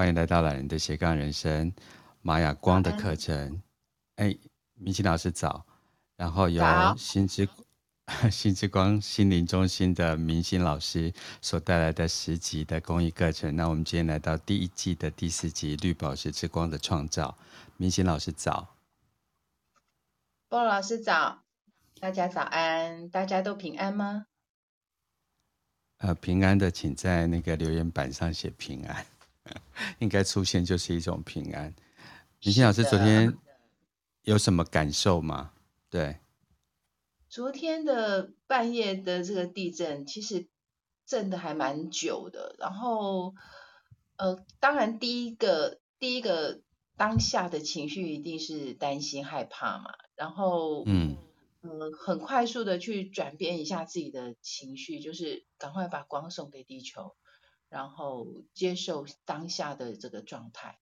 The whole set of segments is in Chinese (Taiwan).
歡迎來到懶人的斜槓人生，馬雅光的課程。哎，明心老師早。然後由心之心之光心靈中心的明心老師所帶來的十集的公益課程。那我們今天來到第一季的第四集《綠寶石之光的創造》。明心老師早，波老師早，大家早安，大家都平安嗎？呃，平安的，請在那個留言板上寫平安。 應該出現就是一種平安。明心老師昨天有什麼感受嗎？對，昨天的半夜的這個地震，其實震的還蠻久的。然後，呃，當然第一個第一個當下的情緒一定是擔心害怕嘛。然後，嗯，呃，很快速的去轉變一下自己的情緒，就是趕快把光送給地球。然後接受當下的這個狀態，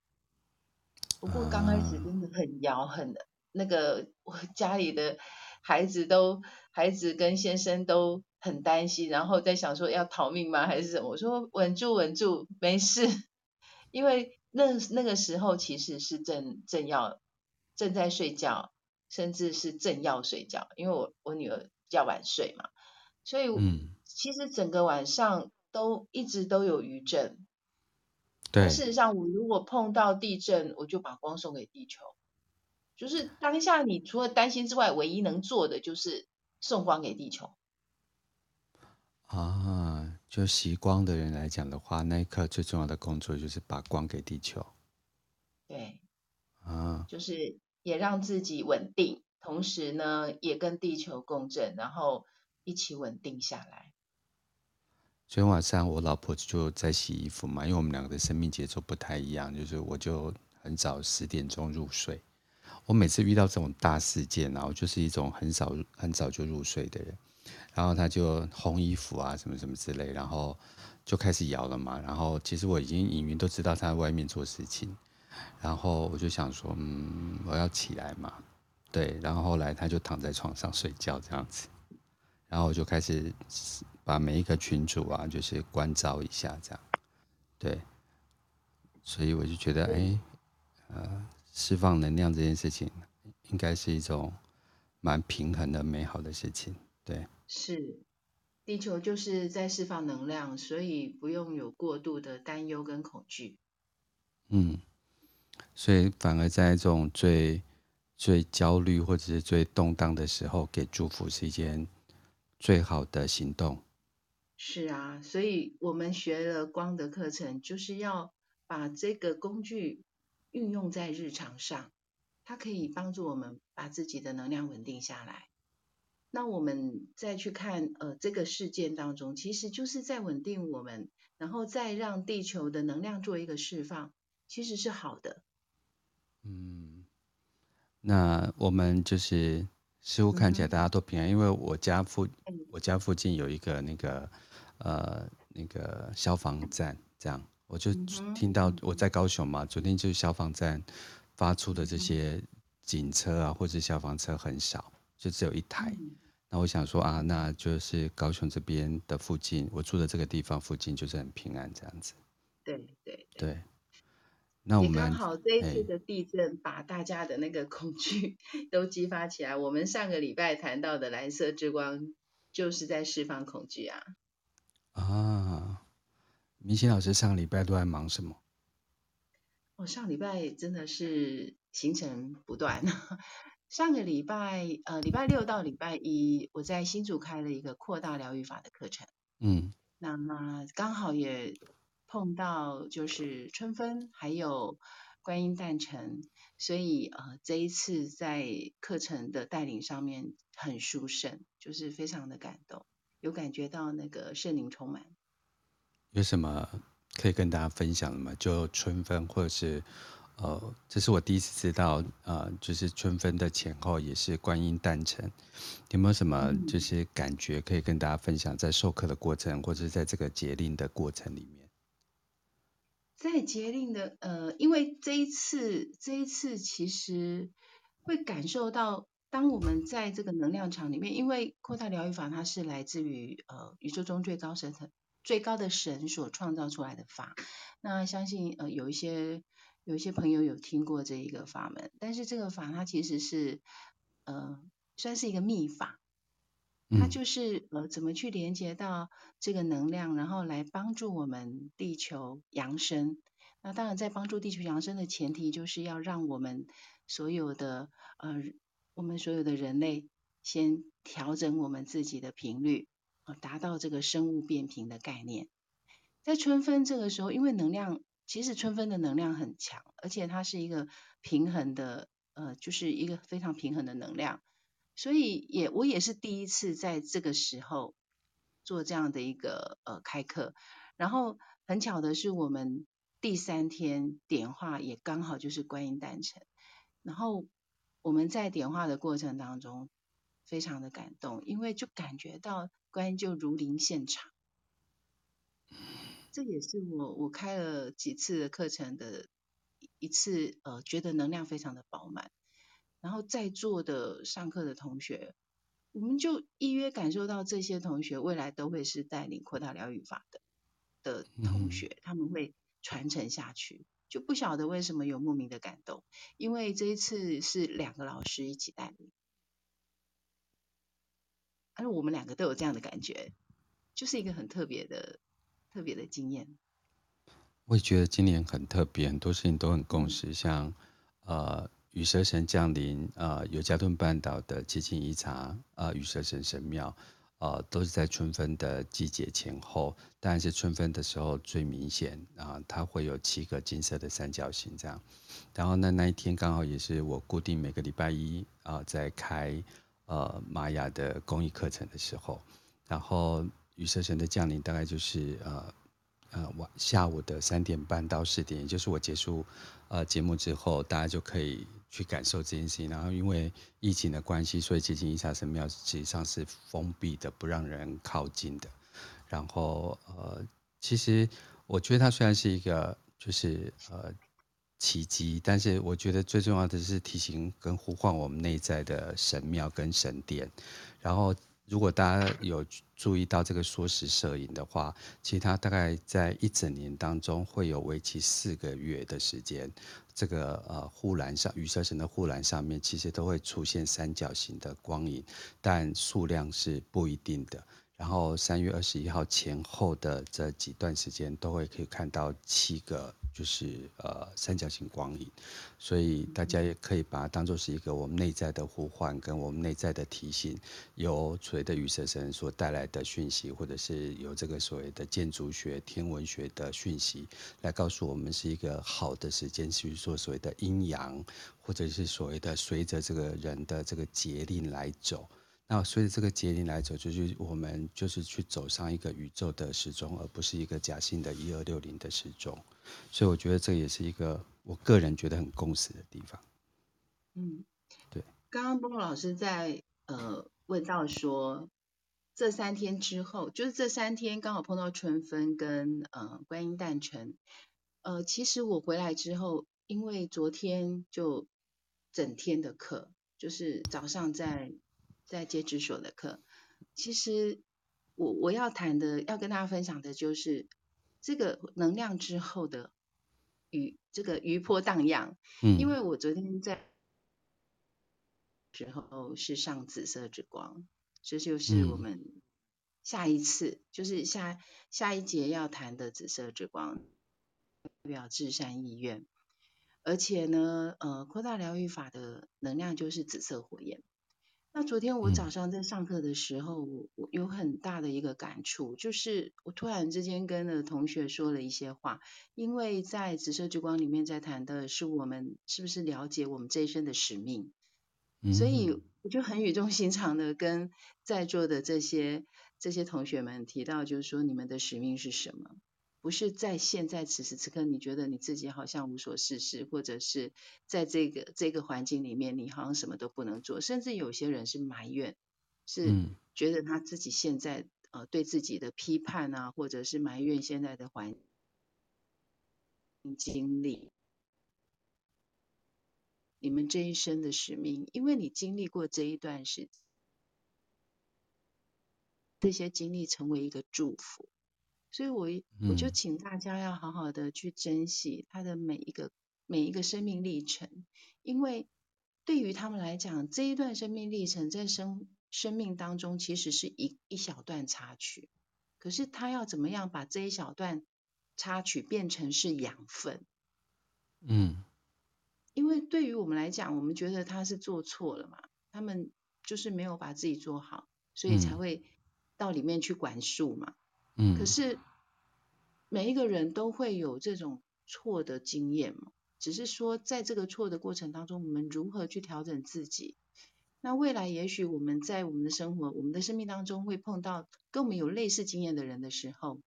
不過剛開始真的很搖很那個，我家裡的孩子都孩子跟先生都很擔心，然後在想說要逃命嗎，還是什麼？我說穩住穩住沒事，因為那那個時候其實是正正要正在睡覺，甚至是正要睡覺，因為我我女兒比較晚睡嘛，所以、嗯、其實整個晚上。都一直都有餘震。對，但事實上，我如果碰到地震，我就把光送給地球。就是當下，你除了擔心之外，唯一能做的就是送光給地球。啊，就習光的人來講的話，那一刻最重要的工作就是把光給地球。對，啊，就是也讓自己穩定，同時呢，也跟地球共振，然後一起穩定下來。昨天晚上我老婆就在洗衣服嘛，因為我們兩個的生命節奏不太一樣，就是我就很早十點鐘入睡。我每次遇到這種大事件啊，然後就是一種很早、很早就入睡的人，然後他就烘衣服啊什麼什麼之類，然後就開始搖了嘛。然後其實我已經隱約都知道他在外面做事情，然後我就想說，嗯，我要起來嘛，對。然後後來他就躺在床上睡覺這樣子。然後我就開始把每一個群主啊，就是關照一下這樣，對，所以我就覺得，哎，呃，釋放能量這件事情應該是一種蠻平衡的、美好的事情，對。是，地球就是在釋放能量，所以不用有過度的擔憂跟恐懼。嗯，所以反而在這種最最焦慮或者是最動盪的時候，給祝福是一件。最好的行動。是啊，所以我們學了光的課程，就是要把這個工具運用在日常上，它可以幫助我們把自己的能量穩定下來。那我們再去看，呃，這個事件當中，其實就是在穩定我們，然後再讓地球的能量做一個釋放，其實是好的。嗯，那我們就是。似乎看起來大家都平安，mm -hmm. 因為我家附我家附近有一個那個呃那個消防站，這樣我就聽到，我在高雄嘛，mm -hmm. 昨天就是消防站發出的這些警車啊、mm -hmm. 或者是消防車很少，就只有一台。Mm -hmm. 那我想說啊，那就是高雄這邊的附近，我住的這個地方附近就是很平安這樣子。對、mm-hmm. 對對。對那我們也剛好這一次的地震把大家的那個恐懼都激發起來。我們上個禮拜談到的藍色之光就是在釋放恐懼啊。啊，明心老師上個禮拜都在忙什麼？我、哦、上禮拜真的是行程不斷。上個禮拜呃，禮拜六到禮拜一，我在新竹開了一個擴大療癒法的課程。嗯。那麼剛好也。碰到就是春分，還有觀音誕辰，所以呃這一次在課程的帶領上面很殊勝，就是非常的感動，有感覺到那個聖靈充滿。有什麼可以跟大家分享的嗎？就春分或者是呃，這是我第一次知道，呃，就是春分的前後也是觀音誕辰，有沒有什麼就是感覺可以跟大家分享在授課的過程，嗯、或者是在這個節令的過程裡面？在節令的，呃，因為這一次，這一次其實會感受到，當我們在這個能量場裡面，因為擴大療癒法它是來自於呃宇宙中最高神、最高的神所創造出來的法，那相信呃有一些有一些朋友有聽過這一個法門，但是這個法它其實是呃算是一個祕法。它就是呃，怎麼去連接到這個能量，然後來幫助我們地球揚升。那當然，在幫助地球揚升的前提，就是要讓我們所有的呃，我們所有的人類先調整我們自己的頻率，呃，達到這個生物變頻的概念。在春分這個時候，因為能量其實春分的能量很強，而且它是一個平衡的呃，就是一個非常平衡的能量。所以也我也是第一次在這個時候做這樣的一個呃開課，然後很巧的是我們第三天點化也剛好就是觀音誕辰，然後我們在點化的過程當中非常的感動，因為就感覺到觀音就如臨現場，這也是我我開了幾次的課程的一次呃覺得能量非常的飽滿。然後在座的上課的同學，我們就隱約感受到這些同學未來都會是帶領擴大療癒法的的同學，他們會傳承下去，就不曉得為什麼有莫名的感動，因為這一次是兩個老師一起帶領，而且我們兩個都有這樣的感覺，就是一個很特別的特別的經驗。我也覺得今年很特別，很多事情都很共識，像呃。羽蛇神降臨，呃，猶加敦半島的奇琴伊察，呃，羽蛇神神廟，呃，都是在春分的季節前後，當然是春分的時候最明顯啊，呃，它會有七個金色的三角形這樣。然後呢，那一天剛好也是我固定每個禮拜一啊，呃，在開呃瑪雅的公益課程的時候，然後羽蛇神的降臨大概就是呃呃晚下午的三點半到四點，也就是我結束呃節目之後，大家就可以。去感受這件事情，然後因為疫情的關係，所以接近一下神廟實際上是封閉的，不讓人靠近的。然後，呃，其實我覺得它雖然是一個就是呃奇蹟，但是我覺得最重要的是提醒跟呼喚我們內在的神廟跟神殿。然後，如果大家有注意到這個縮時攝影的話，其實它大概在一整年當中會有為期四個月的時間。這個呃護欄上，羽蛇神的護欄上面，其實都會出現三角形的光影，但數量是不一定的。然後三月二十一號前後的這幾段時間，都會可以看到七個。就是呃三角形光影，所以大家也可以把它當做是一個我們內在的呼喚跟我們內在的提醒，由所謂的雨神神所帶來的訊息，或者是由這個所謂的建築學、天文學的訊息來告訴我們是一個好的時間，至於說所謂的陰陽，或者是所謂的隨着這個人的這個節令來走。那隨着這個節令來走，就是我們就是去走上一個宇宙的時鐘，而不是一個假性的一二六零的時鐘。所以我覺得這也是一個我個人覺得很共識的地方。嗯，對。剛剛波波老師在呃問到說，這三天之後，就是這三天剛好碰到春分跟呃觀音誕辰。呃，其實我回來之後，因為昨天就整天的課，就是早上在、嗯。在戒治所的課，其實我我要談的，要跟大家分享的就是這個能量之後的餘這個餘波蕩漾，嗯。因為我昨天在的時候是上紫色之光，這就是我們下一次、嗯、就是下下一節要談的紫色之光，代表至善意願，而且呢，呃，擴大療癒法的能量就是紫色火焰。那昨天我早上在上課的時候，嗯，我有很大的一個感觸，就是我突然之間跟了同學說了一些話，因為在《紫色之光》裡面在談的是我們是不是了解我們這一生的使命，嗯，所以我就很語重心長的跟在座的這些這些同學們提到，就是說你們的使命是什麼。不是在現在此時此刻，你覺得你自己好像無所事事，或者是在這個這個環境裡面，你好像什麼都不能做。甚至有些人是埋怨，是覺得他自己現在呃對自己的批判啊，或者是埋怨現在的環境經歷，你們這一生的使命，因為你經歷過這一段時間，這些經歷成為一個祝福。所以我，我我就請大家要好好的去珍惜他的每一個、嗯、每一個生命歷程，因為對於他們來講，這一段生命歷程在生生命當中其實是一一小段插曲。可是他要怎麼樣把這一小段插曲變成是養分？嗯，因為對於我們來講，我們覺得他是做錯了嘛，他們就是沒有把自己做好，所以才會到裡面去管束嘛。嗯嗯，可是每一個人都會有這種錯的經驗嘛，只是說在這個錯的過程當中，我們如何去調整自己？那未來也許我們在我們的生活、我們的生命當中會碰到跟我們有類似經驗的人的時候，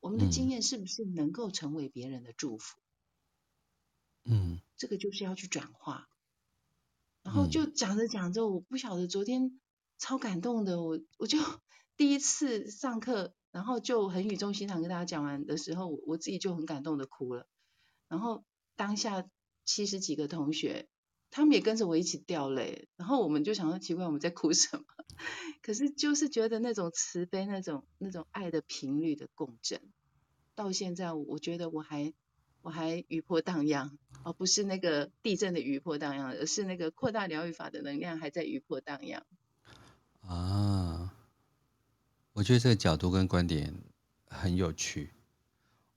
我們的經驗是不是能夠成為別人的祝福？嗯，這個就是要去轉化。然後就講着講着，我不曉得昨天超感動的，我我就第一次上課。然後就很語重心長跟大家講完的時候，我自己就很感動的哭了。然後當下七十幾個同學，他們也跟着我一起掉淚。然後我們就想說，奇怪，我們在哭什麼？可是就是覺得那種慈悲，那種那種愛的頻率的共振，到現在我覺得我還我還餘波蕩漾，而不是那個地震的餘波蕩漾，而是那個擴大療癒法的能量還在餘波蕩漾。啊。我覺得這個角度跟觀點很有趣。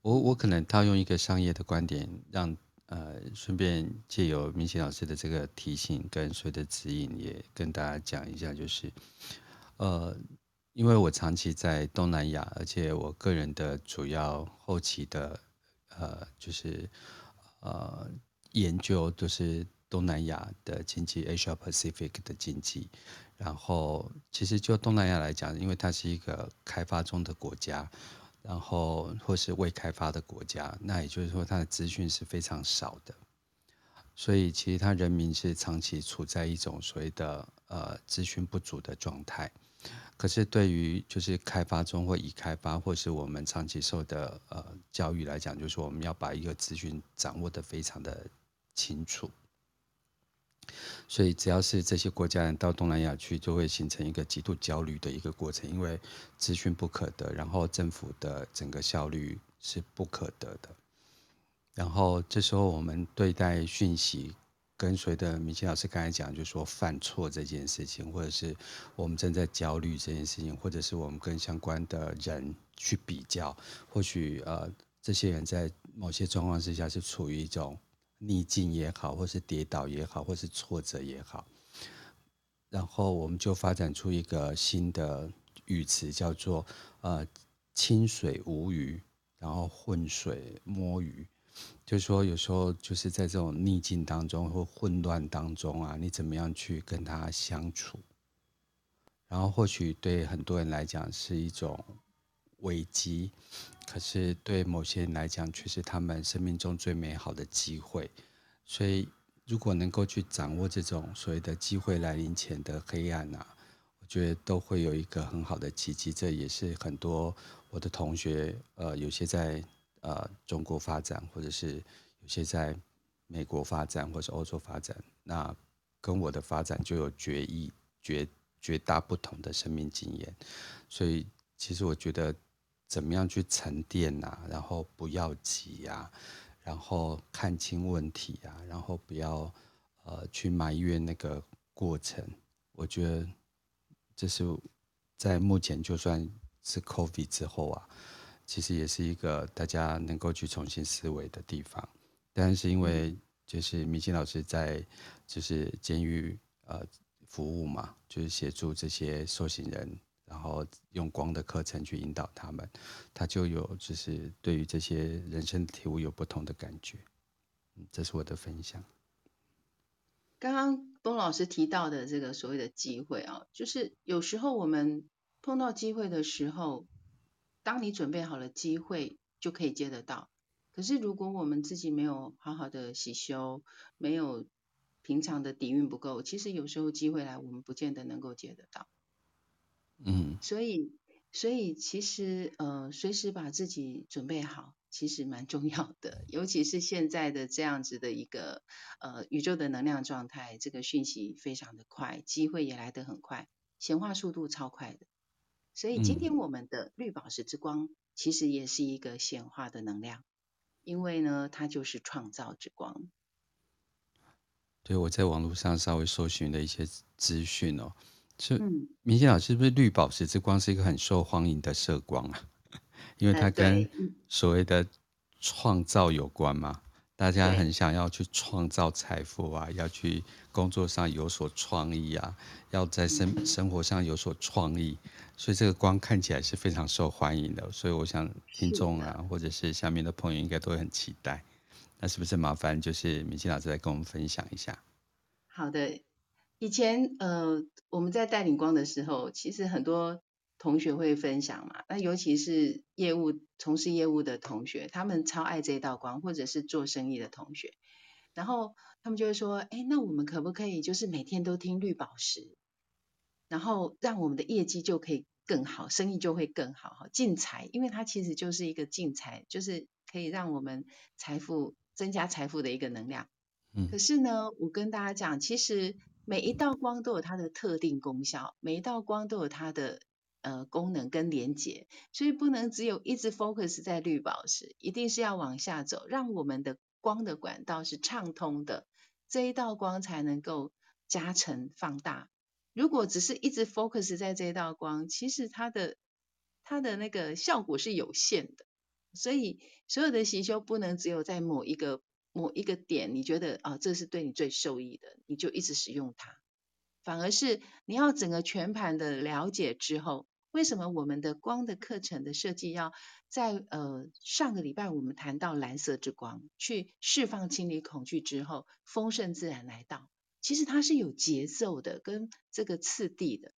我我可能套用一個商業的觀點讓，讓呃順便借由明心老師的這個提醒跟所有的指引，也跟大家講一下，就是呃，因為我長期在東南亞，而且我個人的主要後期的呃就是呃研究都、就是。東南亞的經濟，Asia Pacific 的經濟，然後其實就東南亞來講，因為它是一個開發中的國家，然後或是未開發的國家，那也就是說它的資訊是非常少的，所以其實它人民是長期處在一種所謂的呃資訊不足的狀態。可是對於就是開發中或已開發或是我們長期受的呃教育來講，就是我們要把一個資訊掌握得非常的清楚。所以，只要是這些國家人到東南亞去，就會形成一個極度焦慮的一個過程，因為資訊不可得，然後政府的整個效率是不可得的。然後這時候，我們對待訊息，跟隨着明心老師剛才講，就是說犯錯這件事情，或者是我們正在焦慮這件事情，或者是我們跟相關的人去比較，或許呃，這些人在某些狀況之下是處於一種。逆境也好，或是跌倒也好，或是挫折也好，然後我們就發展出一個新的語詞，叫做“呃清水無魚”，然後“渾水摸魚”，就是說有時候就是在這種逆境當中或混亂當中啊，你怎麼樣去跟他相處？然後或許對很多人來講是一種。危機，可是對某些人來講，卻是他們生命中最美好的機會。所以，如果能夠去掌握這種所謂的機會來臨前的黑暗吶、啊，我覺得都會有一個很好的契機。這也是很多我的同學，呃，有些在呃中國發展，或者是有些在美國發展，或者是歐洲發展，那跟我的發展就有決議，絕絕大不同的生命經驗。所以，其實我覺得。怎麼樣去沉澱吶、啊？然後不要急呀、啊，然後看清問題呀、啊，然後不要呃去埋怨那個過程。我覺得這是在目前就算是 COVID 之後啊，其實也是一個大家能夠去重新思維的地方。但是因為就是明心老師在就是監獄呃服務嘛，就是協助這些受刑人。然後用光的課程去引導他們，他就有就是對於這些人生體悟有不同的感覺、嗯。這是我的分享。剛剛 Bono 老師提到的這個所謂的機會啊，就是有時候我們碰到機會的時候，當你準備好了，機會就可以接得到。可是如果我們自己沒有好好的洗修，沒有平常的底蘊不夠，其實有時候機會來，我們不見得能夠接得到。嗯，所以所以其實呃，隨時把自己準備好，其實蠻重要的。尤其是現在的這樣子的一個呃宇宙的能量狀態，這個訊息非常的快，機會也來得很快，顯化速度超快的。所以今天我們的綠寶石之光，嗯，其實也是一個顯化的能量，因為呢，它就是創造之光。對，我在網絡上稍微搜尋了一些資訊哦。是，明心老師，是不是綠寶石之光是一個很受歡迎的色光啊？ 因為它跟所謂的創造有關嘛，大家很想要去創造財富啊，要去工作上有所創意啊，要在生、嗯、生活上有所創意，所以這個光看起來是非常受歡迎的。所以我想聽眾啊，或者是下面的朋友應該都很期待。那是不是麻煩就是明心老師來跟我們分享一下？好的。以前呃我們在帶領光的時候，其實很多同學會分享嘛，那尤其是業務從事業務的同學，他們超愛這道光，或者是做生意的同學，然後他們就會說，哎，那我們可不可以就是每天都聽綠寶石，然後讓我們的業績就可以更好，生意就會更好哈，進財，因為它其實就是一個進財，就是可以讓我們財富增加財富的一個能量。嗯。可是呢，我跟大家講，其實。每一道光都有它的特定功效，每一道光都有它的呃功能跟連接，所以不能只有一直 focus 在綠寶石，一定是要往下走，讓我們的光的管道是暢通的，這一道光才能夠加成放大。如果只是一直 focus 在這一道光，其實它的它的那個效果是有限的，所以所有的行修不能只有在某一個。某一個點，你覺得啊、哦，這是對你最受益的，你就一直使用它。反而是你要整個全盤的了解之後，為什麼我們的光的課程的設計要在呃上個禮拜我們談到藍色之光去釋放、清理恐懼之後，豐盛自然來到，其實它是有節奏的，跟這個次第的。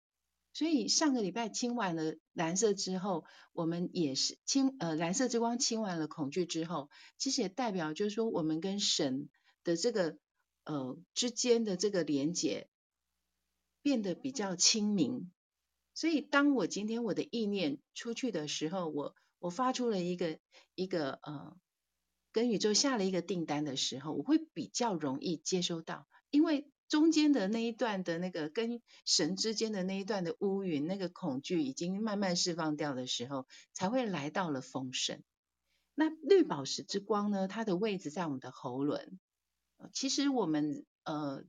所以上個禮拜清完了藍色之後，我們也是清呃藍色之光清完了恐懼之後，其實也代表就是說我們跟神的這個呃之間的這個連結變得比較清明。所以當我今天我的意念出去的時候，我我發出了一個一個呃跟宇宙下了一個訂單的時候，我會比較容易接收到，因為。中間的那一段的那個跟神之間的那一段的烏雲，那個恐懼已經慢慢釋放掉的時候，才會來到了豐盛。那綠寶石之光呢？它的位置在我們的喉輪。其實我們呃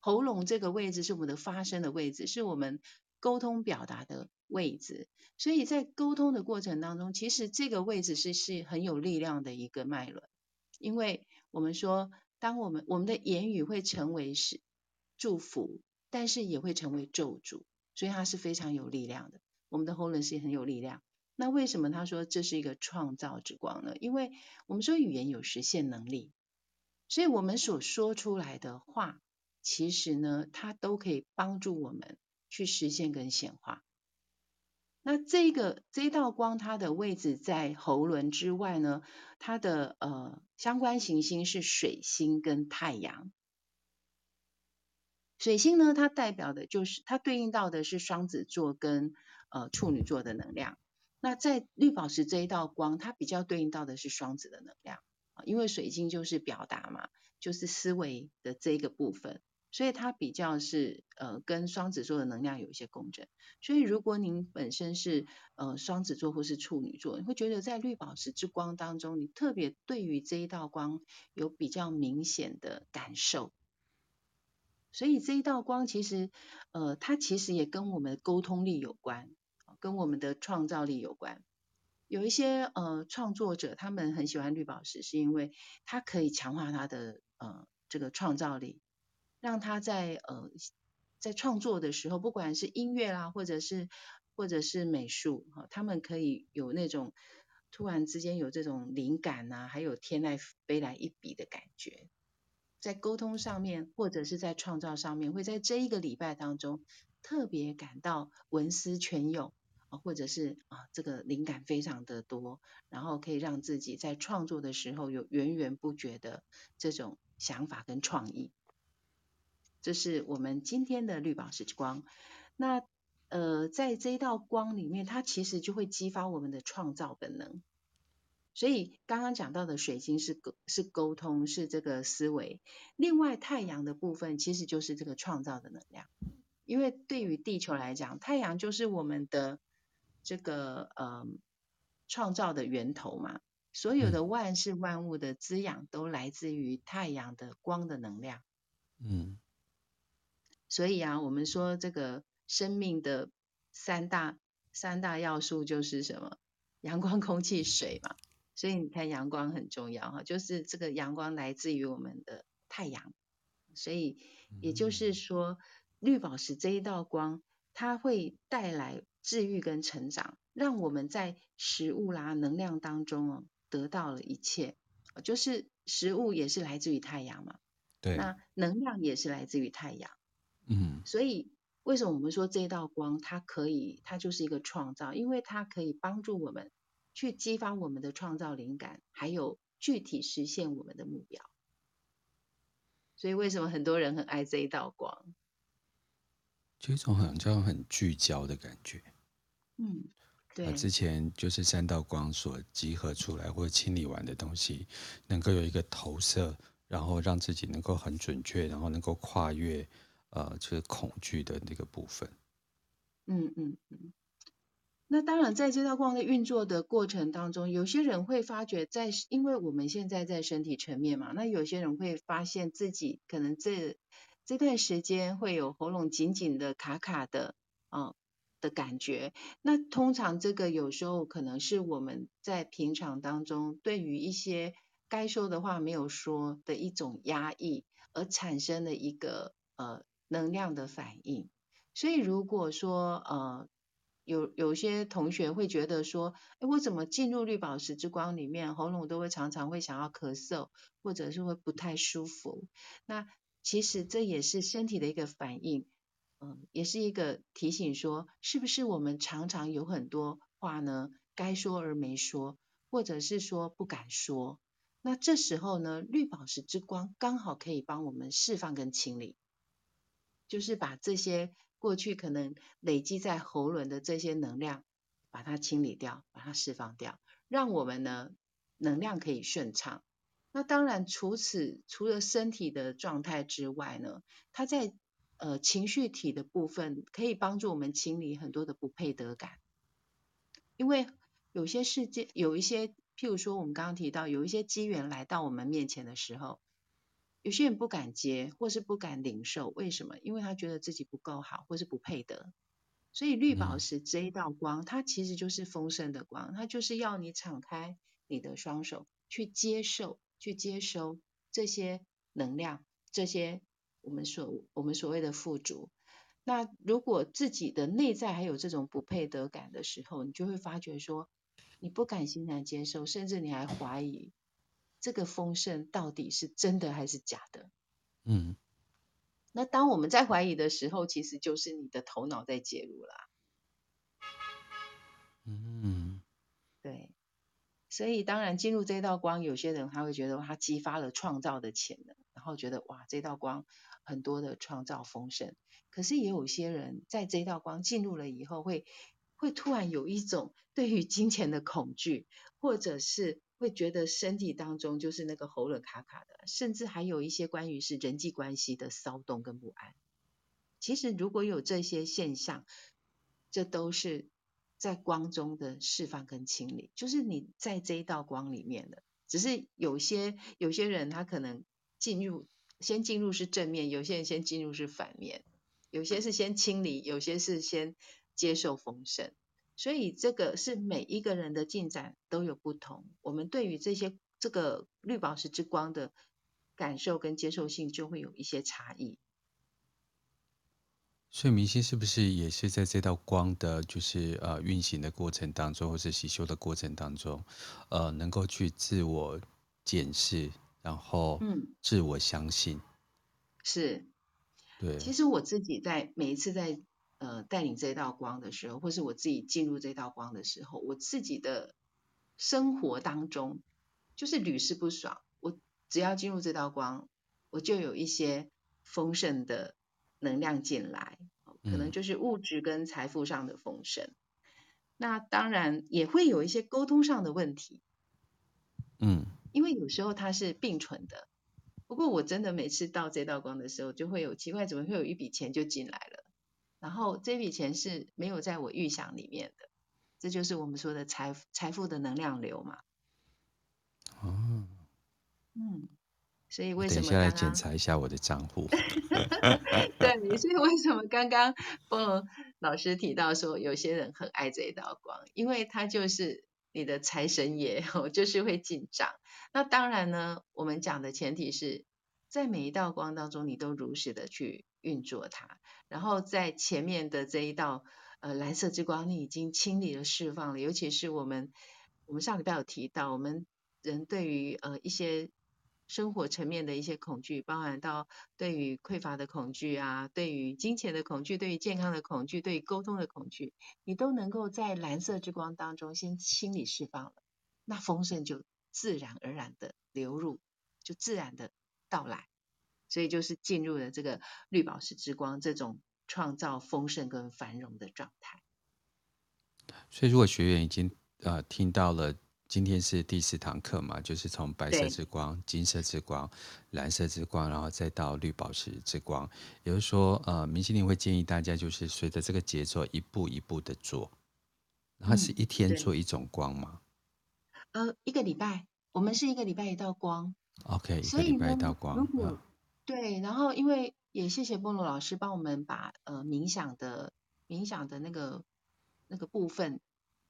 喉嚨這個位置是我們的發聲的位置，是我們溝通表達的位置。所以在溝通的過程當中，其實這個位置是是很有力量的一個脈輪，因為我們說。當我們我們的言語會成為是祝福，但是也會成為咒詛，所以它是非常有力量的。我們的喉嚨是很有力量。那為什麼他說這是一個創造之光呢？因為我們說語言有實現能力，所以我們所說出來的話，其實呢，它都可以幫助我們去實現跟顯化。那這個這一道光它的位置在喉輪之外呢，它的呃相關行星是水星跟太陽。水星呢，它代表的就是它對應到的是雙子座跟呃處女座的能量。那在綠寶石這一道光，它比較對應到的是雙子的能量，因為水星就是表達嘛，就是思維的這個部分。所以它比較是呃跟雙子座的能量有一些共振，所以如果您本身是呃雙子座或是處女座，你會覺得在綠寶石之光當中，你特別對於這一道光有比較明顯的感受。所以這一道光其實呃它其實也跟我們的溝通力有關，跟我們的創造力有關。有一些呃創作者他們很喜歡綠寶石，是因為它可以強化他的呃這個創造力。讓他在呃在創作的時候，不管是音樂啦、啊，或者是或者是美術，啊，他們可以有那種突然之間有這種靈感吶、啊，還有天外飛來一筆的感覺，在溝通上面或者是在創造上面，會在這一個禮拜當中特別感到文思泉湧啊，或者是啊這個靈感非常的多，然後可以讓自己在創作的時候有源源不絕的這種想法跟創意。這是我們今天的綠寶石之光。那呃，在這一道光裡面，它其實就會激發我們的創造本能。所以剛剛講到的水晶是溝是溝通，是這個思維。另外，太陽的部分其實就是這個創造的能量。因為對於地球來講，太陽就是我們的這個呃創造的源頭嘛。所有的萬事萬物的滋養都來自於太陽的光的能量。嗯。嗯所以啊，我們說這個生命的三大三大要素就是什麼？陽光、空氣、水嘛。所以你看陽光很重要哈，就是這個陽光來自於我們的太陽。所以也就是說，嗯，綠寶石這一道光，它會帶來治癒跟成長，讓我們在食物啦、能量當中哦，得到了一切。就是食物也是來自於太陽嘛，對，那能量也是來自於太陽。嗯，所以為什麼我們說這一道光，它可以，它就是一個創造，因為它可以幫助我們去激發我們的創造靈感，還有具體實現我們的目標。所以為什麼很多人很愛這一道光？就一種好像很聚焦的感覺。嗯，對。之前就是三道光所集合出來或清理完的東西，能夠有一個投射，然後讓自己能夠很準確，然後能夠跨越。呃，就是恐懼的那個部分。嗯嗯嗯。那當然，在這道光的運作的過程當中，有些人會發覺在，在因為我們現在在身體層面嘛，那有些人會發現自己可能這這段時間會有喉嚨緊緊的、卡卡的，啊、呃、的感覺。那通常這個有時候可能是我們在平常當中對於一些該說的話沒有說的一種壓抑，而產生的一個呃。能量的反應，所以如果說呃，有有些同學會覺得說，哎，我怎麼進入綠寶石之光裡面，喉嚨都會常常會想要咳嗽，或者是會不太舒服。那其實這也是身體的一個反應，嗯、呃，也是一個提醒說，說是不是我們常常有很多話呢，該說而沒說，或者是說不敢說。那這時候呢，綠寶石之光剛好可以幫我們釋放跟清理。就是把這些過去可能累積在喉輪的這些能量，把它清理掉，把它釋放掉，讓我們呢能量可以順暢。那當然，除此除了身體的狀態之外呢，它在呃情緒體的部分，可以幫助我們清理很多的不配得感。因為有些事件，有一些譬如說我們剛剛提到，有一些機緣來到我們面前的時候。有些人不敢接，或是不敢領受，為什麼？因為他覺得自己不夠好，或是不配得。所以綠寶石這一道光，它其實就是豐盛的光，它就是要你敞開你的雙手去接受，去接收這些能量，這些我們所我們所謂的富足。那如果自己的內在還有這種不配得感的時候，你就會發覺說，你不敢欣然接受，甚至你還懷疑。這個豐盛到底是真的還是假的？嗯，那當我們在懷疑的時候，其實就是你的頭腦在介入啦。嗯，對，所以當然進入這道光，有些人他會覺得他激發了創造的潛能，然後覺得哇，這道光很多的創造豐盛。可是也有一些人在這道光進入了以後會，會會突然有一種對於金錢的恐懼，或者是。會覺得身體當中就是那個喉嚨卡卡的，甚至還有一些關於是人際關係的騷動跟不安。其實如果有這些現象，這都是在光中的釋放跟清理，就是你在這一道光裡面的。只是有些有些人他可能進入，先進入是正面，有些人先進入是反面，有些是先清理，有些是先接受豐盛。所以這個是每一個人的進展都有不同，我們對於這些這個綠寶石之光的感受跟接受性就會有一些差異。所以明心是不是也是在這道光的，就是呃運行的過程當中，或是洗修的過程當中，呃，能夠去自我檢視，然後自我相信？嗯。是。對。其實我自己在每一次在。呃，帶領這道光的時候，或是我自己進入這道光的時候，我自己的生活當中就是屢試不爽。我只要進入這道光，我就有一些豐盛的能量進來，可能就是物質跟財富上的豐盛。嗯。那當然也會有一些溝通上的問題，嗯，因為有時候它是並存的。不過我真的每次到這道光的時候，就會有奇怪，怎麼會有一筆錢就進來了？然後這筆錢是沒有在我預想裡面的，這就是我們說的財財富的能量流嘛。哦，嗯，所以為什麼剛剛，我等一下來檢查一下我的賬戶。 對，所以為什麼剛剛波隆老師提到說有些人很愛這一道光，因為他就是你的財神爺，就是會進帳。那當然呢，我們講的前提是在每一道光當中，你都如實的去運作它，然後在前面的這一道呃藍色之光，你已經清理了，釋放了。尤其是我們，我們上禮拜有提到，我們人對於呃一些生活層面的一些恐懼，包含到對於匱乏的恐懼啊，對於金錢的恐懼，對於健康的恐懼，對於溝通的恐懼，你都能夠在藍色之光當中先清理、釋放了，那豐盛就自然而然地流入，就自然地到來。所以就是進入了這個綠寶石之光，這種創造豐盛跟繁榮的狀態。所以如果學員已經呃聽到了，今天是第四堂課嘛，就是從白色之光、金色之光、藍色之光，然後再到綠寶石之光，也就是說呃，明心您會建議大家就是隨着這個節奏一步一步的做，它是一天做一種光嗎，嗯？呃，一個禮拜，我們是一個禮拜一道光。OK，一個禮拜一道光。對，然後因為也謝謝 Bono 老師幫我們把呃冥想的冥想的那個那個部分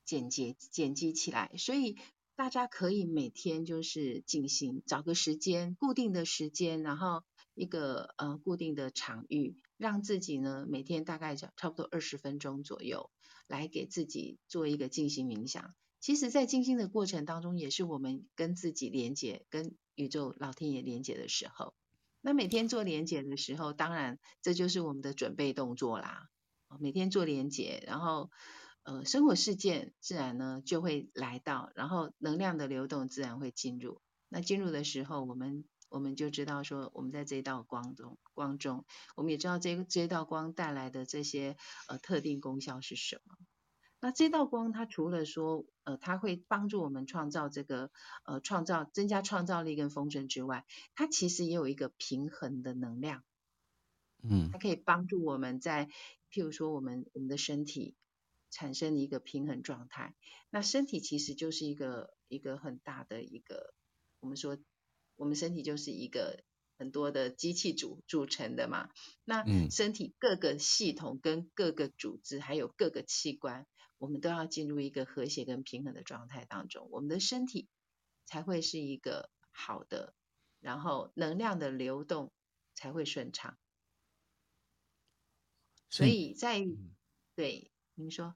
剪輯剪輯起來，所以大家可以每天就是靜心，找個時間固定的時間，然後一個呃固定的場域，讓自己呢每天大概就差不多二十分鐘左右來給自己做一個靜心冥想。其實，在靜心的過程當中，也是我們跟自己連接、跟宇宙老天爺連接的時候。那每天做連接的時候，當然這就是我們的準備動作啦。每天做連接，然後呃，生活事件自然呢就會來到，然後能量的流動自然會進入。那進入的時候，我們我們就知道說，我們在這道光中，光中我們也知道這這道光帶來的這些呃特定功效是什麼？那這道光它除了說呃，它會幫助我們創造這個呃創造增加創造力跟豐盛之外，它其實也有一個平衡的能量，嗯，它可以幫助我們在譬如說我們我們的身體產生一個平衡狀態。那身體其實就是一個一個很大的一個，我們說我們身體就是一個很多的機器組組成的嘛，那身體各個系統跟各個組織還有各個器官。我們都要進入一個和諧跟平衡的狀態當中，我們的身體才會是一個好的，然後能量的流動才會順暢。所以在，在、嗯、對您說，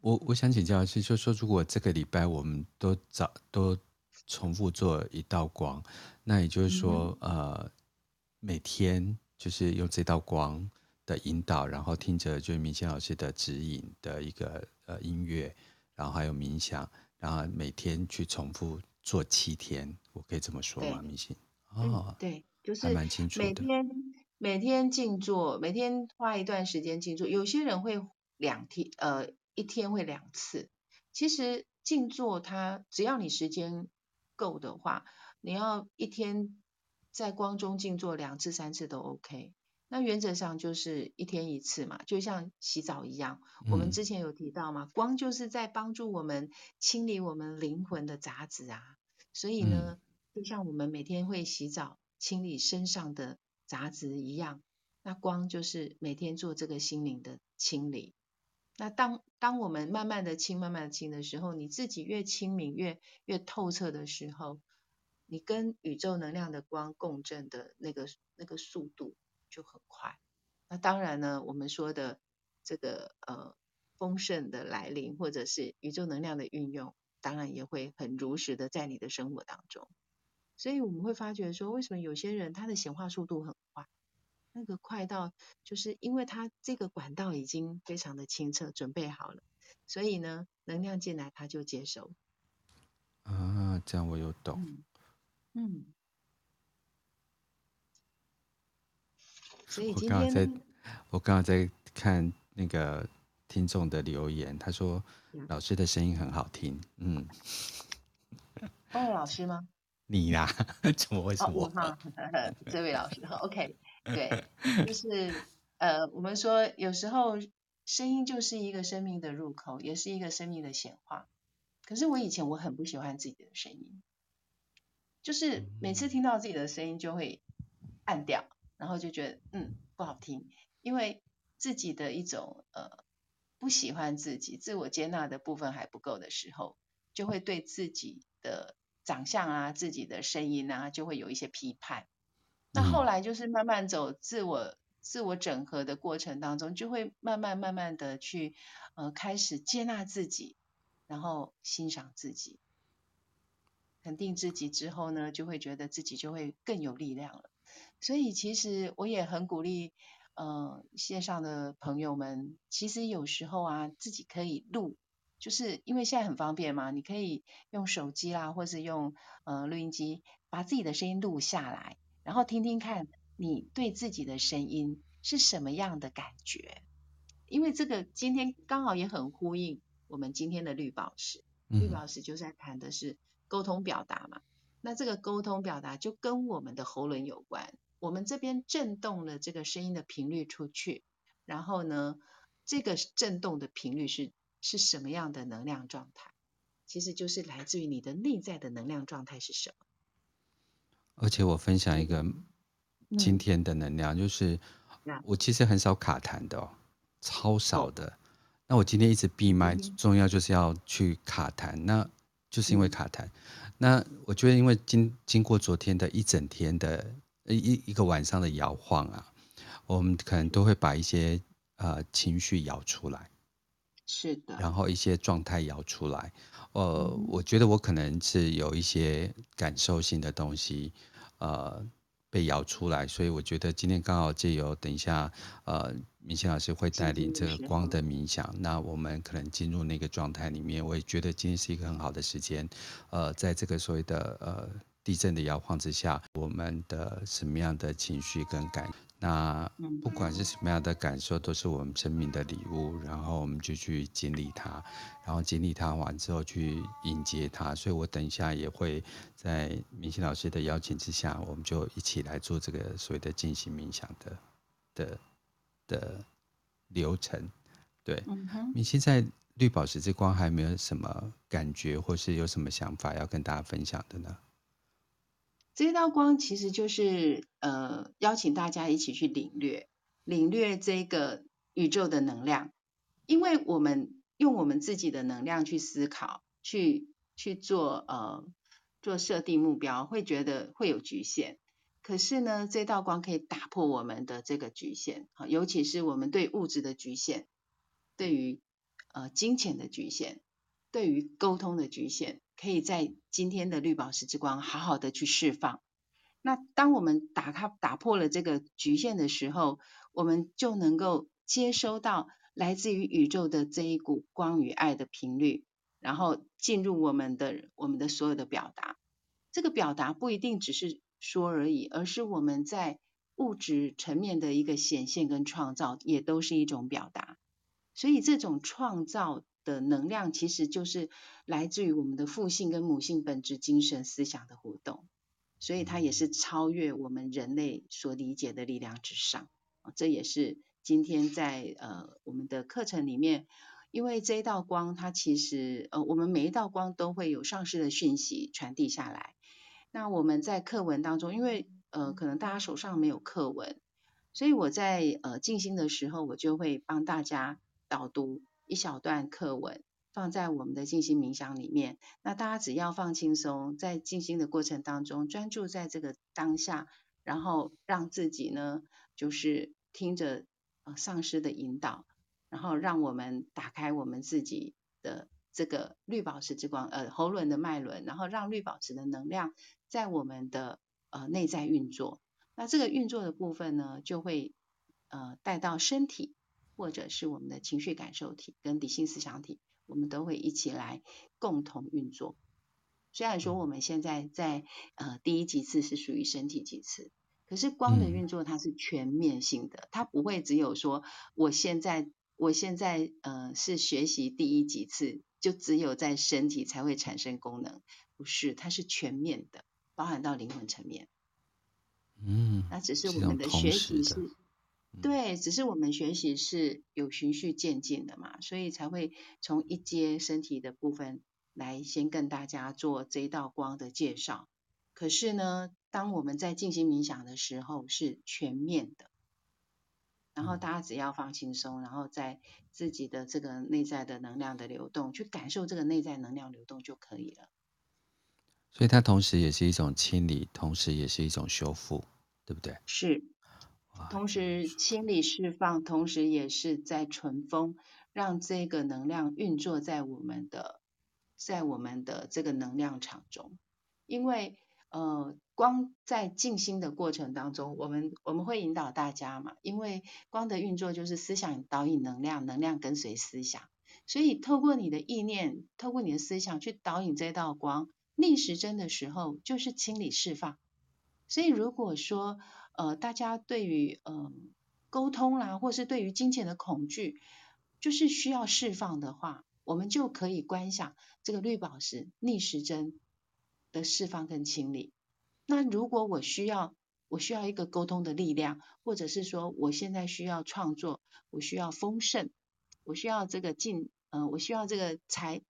我我想請教的是，就說如果這個禮拜我們都找，都重複做一道光，那也就是說、嗯，呃，每天就是用這道光。的引導，然後聽着就是明心老師的指引的一個呃音樂，然後還有冥想，然後每天去重複做七天，我可以這麼說嗎？明心，哦，對，對，就是還蠻清楚的。每天每天靜坐，每天花一段時間靜坐。有些人會兩天呃一天會兩次，其實靜坐它只要你時間夠的話，你要一天在光中靜坐兩次三次都 OK。那原則上就是一天一次嘛，就像洗澡一樣。嗯、我們之前有提到嘛，光就是在幫助我們清理我們靈魂的雜質啊。所以呢、嗯，就像我們每天會洗澡清理身上的雜質一樣，那光就是每天做這個心靈的清理。那當當我們慢慢的清、慢慢的清的時候，你自己越清明、越越透徹的時候，你跟宇宙能量的光共振的那個那個速度，就很快。那當然呢，我們說的這個呃豐盛的來臨，或者是宇宙能量的運用，當然也會很如實的在你的生活當中。所以我們會發覺說，為什麼有些人他的顯化速度很快，那個快到就是因為他這個管道已經非常的清澈，準備好了，所以呢，能量進來他就接收。啊，這樣我又懂。嗯。嗯。所以今天我剛好在，我剛好在看那個聽眾的留言，他說老師的聲音很好聽，嗯。哦，老師嗎？你呀、啊，怎麼會是我、哦嗯？這位老師 ，OK，對，就是呃，我們說有時候聲音就是一個生命的入口，也是一個生命的顯化。可是我以前我很不喜歡自己的聲音，就是每次聽到自己的聲音就會按掉。嗯然後就覺得嗯，不好聽，因為自己的一種呃，不喜歡自己，自我接納的部分還不夠的時候，就會對自己的長相啊、自己的聲音啊，就會有一些批判。那後來就是慢慢走自我自我整合的過程當中，就會慢慢慢慢的去呃，開始接納自己，然後欣賞自己。肯定自己之後呢，就會覺得自己就會更有力量了。所以其實我也很鼓勵，呃，線上的朋友們，其實有時候啊，自己可以錄，就是因為現在很方便嘛，你可以用手機啦，或者是用呃錄音機，把自己的聲音錄下來，然後聽聽看，你對自己的聲音是什麼樣的感覺？因為這個今天剛好也很呼應我們今天的綠寶石，嗯、綠寶石就在談的是溝通表達嘛，那這個溝通表達就跟我們的喉嚨有關。我們這邊震動了這個聲音的頻率出去，然後呢，這個震動的頻率是是什麼樣的能量狀態？其實就是來自於你的內在的能量狀態是什麼。而且我分享一個今天的能量，嗯、就是我其實很少卡痰的、哦嗯，超少的、嗯。那我今天一直閉麥，嗯、重要就是要去卡痰，那就是因為卡痰、嗯。那我覺得因為經經過昨天的一整天的。一一一個晚上的搖晃啊，我們可能都會把一些呃情緒搖出來，是的，然後一些狀態搖出來，呃、嗯，我覺得我可能是有一些感受性的東西，呃，被搖出來，所以我覺得今天剛好借由等一下呃明心老師會帶領這個光的冥想，那我們可能進入那個狀態裡面，我也覺得今天是一個很好的時間，呃，在這個所謂的呃。地震的搖晃之下，我們的什麼樣的情緒跟感？那不管是什麼樣的感受，都是我們生命的禮物。然後我們就去經歷它，然後經歷它完之後去迎接它。所以，我等一下也會在明心老師的邀請之下，我們就一起來做這個所謂的靜心冥想的的的流程。對，明心在綠寶石之光還沒有什麼感覺，或是有什麼想法要跟大家分享的呢？這道光其實就是呃邀請大家一起去領略領略這個宇宙的能量，因為我們用我們自己的能量去思考，去去做呃做設定目標，會覺得會有局限。可是呢，這道光可以打破我們的這個局限，尤其是我們對物質的局限，對於呃金錢的局限，對於溝通的局限。可以在今天的綠寶石之光好好的去釋放。那當我們打開、打破了這個局限的時候，我們就能夠接收到來自於宇宙的這一股光與愛的頻率，然後進入我們的、我們的所有的表達。這個表達不一定只是說而已，而是我們在物質層面的一個顯現跟創造，也都是一種表達。所以這種創造的能量其實就是來自於我們的父性跟母性本質、精神思想的互動，所以它也是超越我們人類所理解的力量之上。這也是今天在呃我們的課程裡面，因為這一道光，它其實呃我們每一道光都會有上師的訊息傳遞下來。那我們在課文當中，因為呃可能大家手上沒有課文，所以我在呃靜心的時候，我就會幫大家導讀。一小段課文放在我們的靜心冥想裡面，那大家只要放輕鬆，在靜心的過程當中，專注在這個當下，然後讓自己呢，就是聽着上師的引導，然後讓我們打開我們自己的這個綠寶石之光，呃，喉輪的脈輪，然後讓綠寶石的能量在我們的呃內在運作，那這個運作的部分呢，就會呃帶到身體。或者是我們的情緒感受體跟理性思想體，我們都會一起來共同運作。雖然說我們現在在呃第一級次是屬於身體級次，可是光的運作它是全面性的，嗯，它不會只有說我現在我現在呃是學習第一級次，就只有在身體才會產生功能，不是，它是全面的，包含到靈魂層面。嗯，那只是我們的學習是。對，只是我們學習是有循序漸進的嘛，所以才會從一階身體的部分來先跟大家做這一道光的介紹。可是呢，當我們在進行冥想的時候是全面的，然後大家只要放輕鬆，然後在自己的這個內在的能量的流動，去感受這個內在能量流動就可以了。所以它同時也是一種清理，同時也是一種修復，對不對？是。同時清理釋放，同時也是在存風，讓這個能量運作在我們的，在我們的這個能量場中。因為呃，光在靜心的過程當中，我們我們會引導大家嘛，因為光的運作就是思想導引能量，能量跟隨思想，所以透過你的意念，透過你的思想去導引這道光，逆時針的時候就是清理釋放，所以如果說。呃，大家對於嗯、呃、溝通啦，或是對於金錢的恐懼，就是需要釋放的話，我們就可以觀想這個綠寶石逆時針的釋放跟清理。那如果我需要我需要一個溝通的力量，或者是說我現在需要創作，我需要豐盛，我需要這個進呃，我需要這個財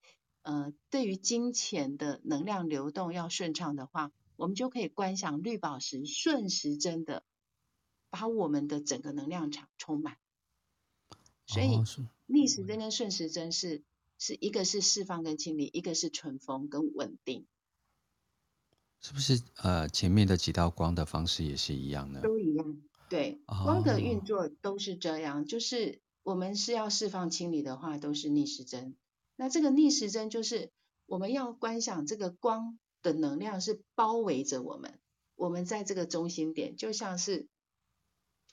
呃，對於金錢的能量流動要順暢的話。我們就可以觀想綠寶石順時針的把我們的整個能量場充滿，所以逆時針跟順時針是是一個是釋放跟清理，一個是存封跟穩定，是不是？呃，前面的幾道光的方式也是一樣呢？都一樣。對，光的運作都是這樣，就是我們是要釋放清理的話，都是逆時針。那這個逆時針就是我們要觀想這個光，的能量是包圍着我們，我們在這個中心點，就像是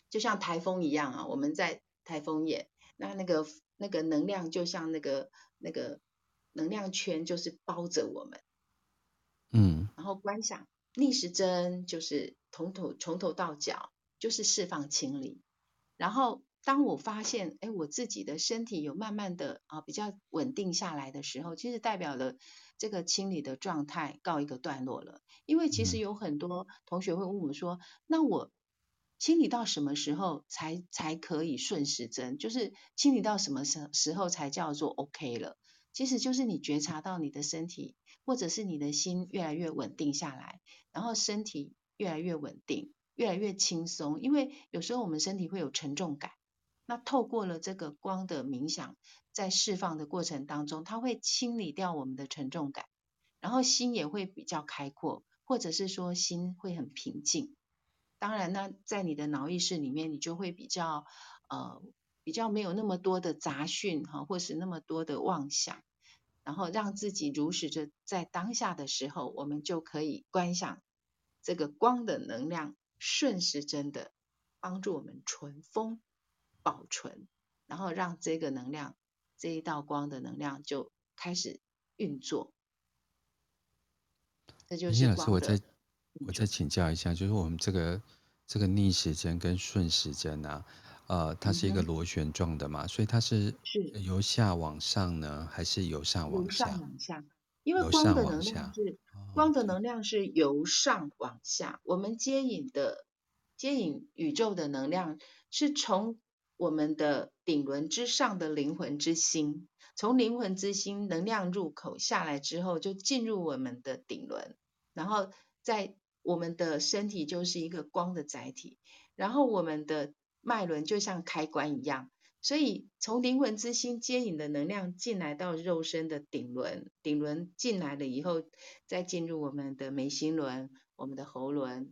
就像台風一樣啊，我們在台風眼，那那個那個能量就像那個那個能量圈，就是包着我們，嗯，然後觀想逆時針就是從頭從頭到腳就是釋放清理，然後。當我發現，哎，我自己的身體有慢慢的啊比較穩定下來的時候，其實代表了這個清理的狀態告一個段落了。因為其實有很多同學會問我說，那我清理到什麼時候才才可以順時針？就是清理到什麼時時候才叫做 OK 了？其實就是你覺察到你的身體，或者是你的心越來越穩定下來，然後身體越來越穩定，越來越輕鬆。因為有時候我們身體會有沉重感。那透過了這個光的冥想，在釋放的過程當中，它會清理掉我們的沉重感，然後心也會比較開闊，或者是說心會很平靜。當然呢，在你的腦意識裡面，你就會比較呃比較沒有那麼多的雜訊哈，或是那麼多的妄想，然後讓自己如實的在當下的時候，我們就可以觀想這個光的能量順時針的幫助我們存風。保存，然後讓這個能量，這一道光的能量就開始運作。那就是老師，我再我再請教一下，就是我們這個這個逆時針跟順時針呢，啊，呃，它是一個螺旋狀的嘛，嗯，所以它是由下往上呢，還是由上往下？由上往下，因為光的能量是光的能量是，哦，光的能量是由上往下，我們接引的接引宇宙的能量是從。我們的頂輪之上的靈魂之心，從靈魂之心能量入口下來之後，就進入我們的頂輪，然後在我們的身體就是一個光的載體，然後我們的脈輪就像開關一樣，所以從靈魂之心接引的能量進來到肉身的頂輪，頂輪進來了以後，再進入我們的眉心輪、我們的喉輪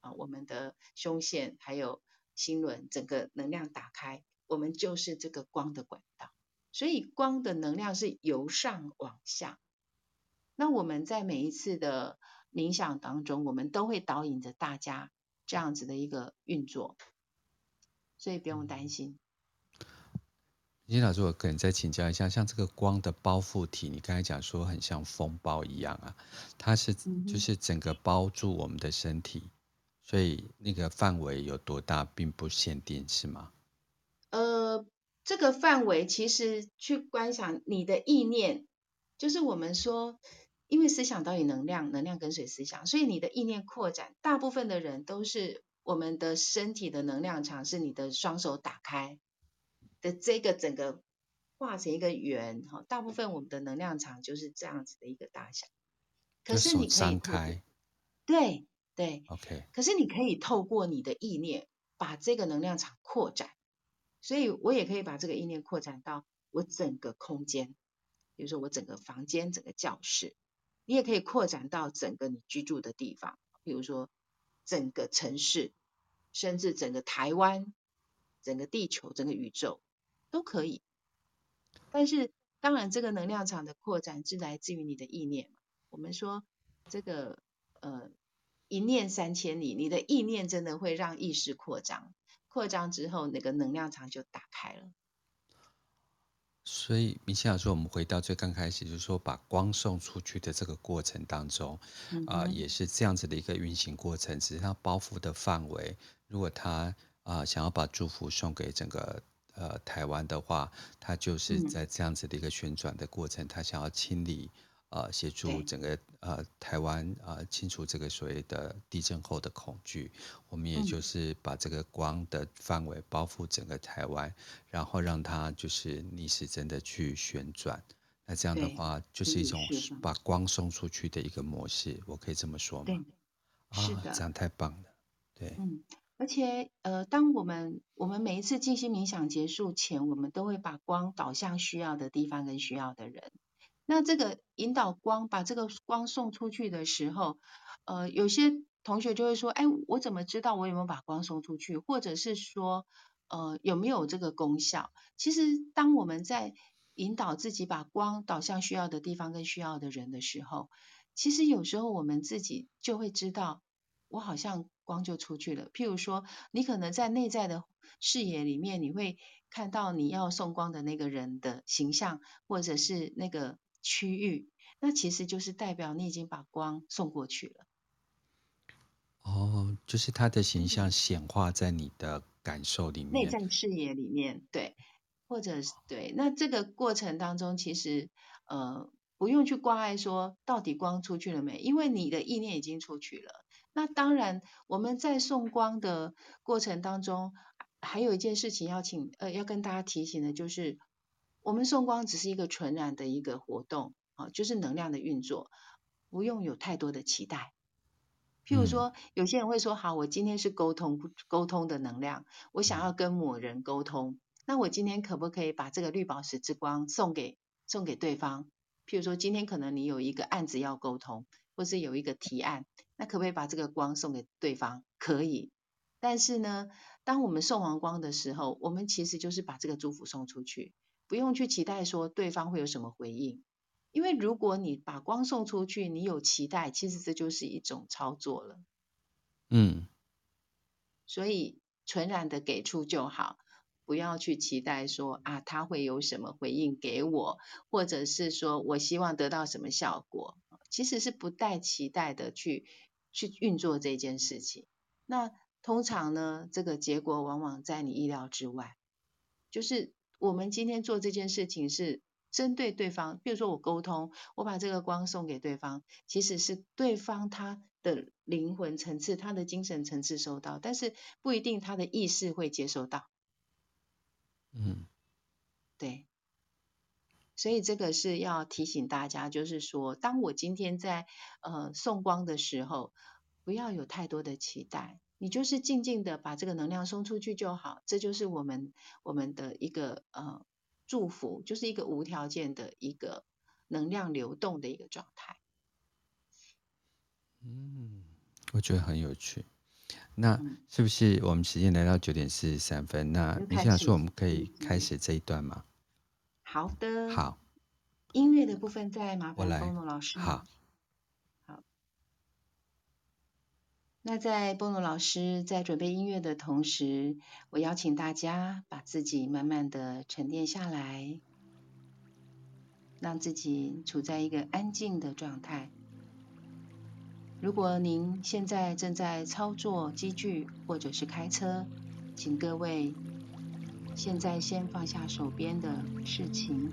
啊、我們的胸腺，還有。心輪整個能量打開，我們就是這個光的管道，所以光的能量是由上往下。那我們在每一次的冥想當中，我們都會導引着大家這樣子的一個運作，所以不用擔心。明心老師，我跟你再請教一下，像這個光的包覆體，你剛才講說很像風暴一樣啊，它是就是整個包住我們的身體。嗯所以那個範圍有多大，並不限定，是嗎？呃，這個範圍其實去觀想你的意念，就是我們說，因為思想等於能量，能量跟隨思想，所以你的意念擴展，大部分的人都是我們的身體的能量場是你的雙手打開的這個整個畫成一個圓哈、哦，大部分我們的能量場就是這樣子的一個大小。張開，可是你可以對。對，OK。可是你可以透過你的意念把這個能量場擴展，所以我也可以把這個意念擴展到我整個空間，比如說我整個房間、整個教室，你也可以擴展到整個你居住的地方，比如說整個城市，甚至整個台灣、整個地球、整個宇宙都可以。但是當然，這個能量場的擴展是來自於你的意念。我們說這個，呃。一念三千里，你的意念真的會讓意識擴張，擴張之後那個能量場就打開了。所以明心老師，我們回到最剛開始，就是說把光送出去的這個過程當中，啊、嗯呃，也是這樣子的一個運行過程。只是它包覆的範圍，如果他啊、呃、想要把祝福送給整個呃台灣的話，他就是在這樣子的一個旋轉的過程，嗯、他想要清理。呃，協助整個呃台灣呃清除這個所謂的地震後的恐懼，我們也就是把這個光的範圍包覆整個台灣，嗯、然後讓它就是逆時針的去旋轉，那這樣的話就是一種把光送出去的一個模式，我可以這麼說嗎？對、啊，是的，這樣太棒了，對。嗯，而且呃，當我們我們每一次進行冥想結束前，我們都會把光導向需要的地方跟需要的人。那這個引導光把這個光送出去的時候，呃，有些同學就會說，哎，我怎麼知道我有沒有把光送出去，或者是說，呃，有沒有這個功效？其實，當我們在引導自己把光導向需要的地方跟需要的人的時候，其實有時候我們自己就會知道，我好像光就出去了。譬如說，你可能在內在的視野裡面，你會看到你要送光的那個人的形象，或者是那個。區域，那其實就是代表你已經把光送過去了。哦，就是它的形象顯化在你的感受裡面、內在視野裡面，對，或者是對。那這個過程當中，其實呃，不用去掛礙說到底光出去了沒，因為你的意念已經出去了。那當然，我們在送光的過程當中，還有一件事情要請呃，要跟大家提醒的就是。我們送光只是一個純然的一個活動，啊，就是能量的運作，不用有太多的期待。譬如說，有些人會說：“好，我今天是溝通溝通的能量，我想要跟某人溝通，那我今天可不可以把這個綠寶石之光送給送給對方？”譬如說，今天可能你有一個案子要溝通，或是有一個提案，那可不可以把這個光送給對方？可以。但是呢，當我們送完光的時候，我們其實就是把這個祝福送出去。不用去期待說對方會有什麼回應，因為如果你把光送出去，你有期待，其實這就是一種操作了。嗯，所以純然的給出就好，不要去期待說啊，他會有什麼回應給我，或者是說我希望得到什麼效果，其實是不帶期待的去去運作這件事情。那通常呢，這個結果往往在你意料之外，就是。我們今天做這件事情是針對對方，比如說我溝通，我把這個光送給對方，其實是對方他的靈魂層次、他的精神層次收到，但是不一定他的意識會接收到。嗯，對，所以這個是要提醒大家，就是說，當我今天在呃送光的時候，不要有太多的期待。你就是靜靜的，把這個能量送出去就好，這就是我們我們的一個呃祝福，就是一個無條件的一個能量流動的一個狀態。嗯，我覺得很有趣。那是不是我們時間來到九點四十三分，嗯？那你想說我們可以開始這一段嗎？嗯、好的。好。音樂的部分再麻煩 bono 老師。好。那在 Bono 老師在準備音樂的同時，我邀請大家把自己慢慢的沉澱下來，讓自己處在一個安靜的狀態。如果您現在正在操作機具或者是開車，請各位現在先放下手邊的事情。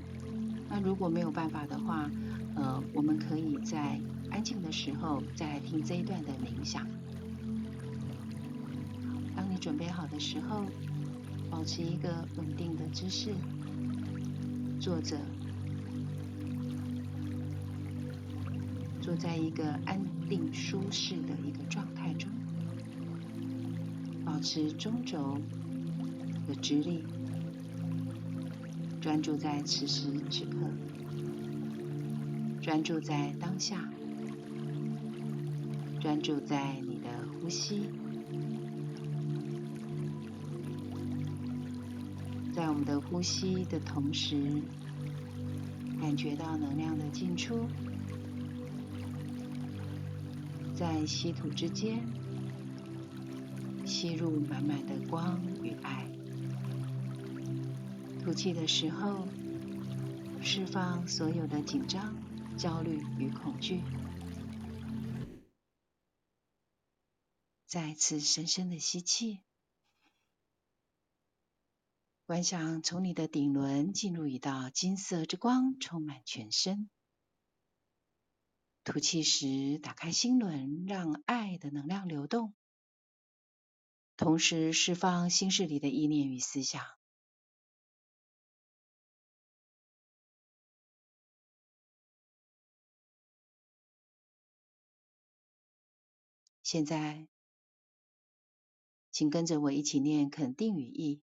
那如果沒有辦法的話，呃，我們可以在安靜的時候再來聽這一段的冥想。準備好的時候，保持一個穩定的姿勢，坐着，坐在一個安定舒適的一個狀態中，保持中軸的直立，專注在此時此刻，專注在當下，專注在你的呼吸。在我們的呼吸的同時，感覺到能量的進出，在吸吐之間，吸入滿滿的光與愛，吐氣的時候，釋放所有的緊張、焦慮與恐懼。再次深深的吸氣。觀想從你的頂輪進入一道金色之光，充滿全身。吐氣時打開心輪，讓愛的能量流動，同時釋放心事裡的意念與思想。現在，請跟着我一起念肯定語意。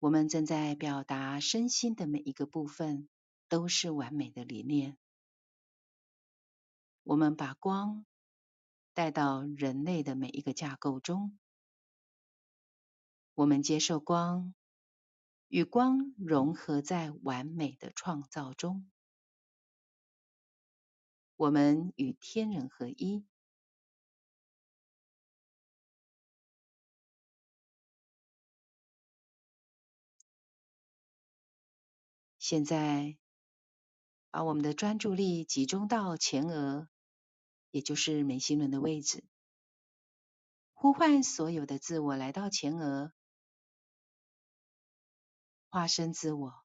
我們正在表達身心的每一個部分都是完美的理念。我們把光帶到人類的每一個架構中。我們接受光，與光融合在完美的創造中。我們與天人合一。現在，把我們的專注力集中到前額，也就是眉心輪的位置，呼喚所有的自我來到前額，化身自我、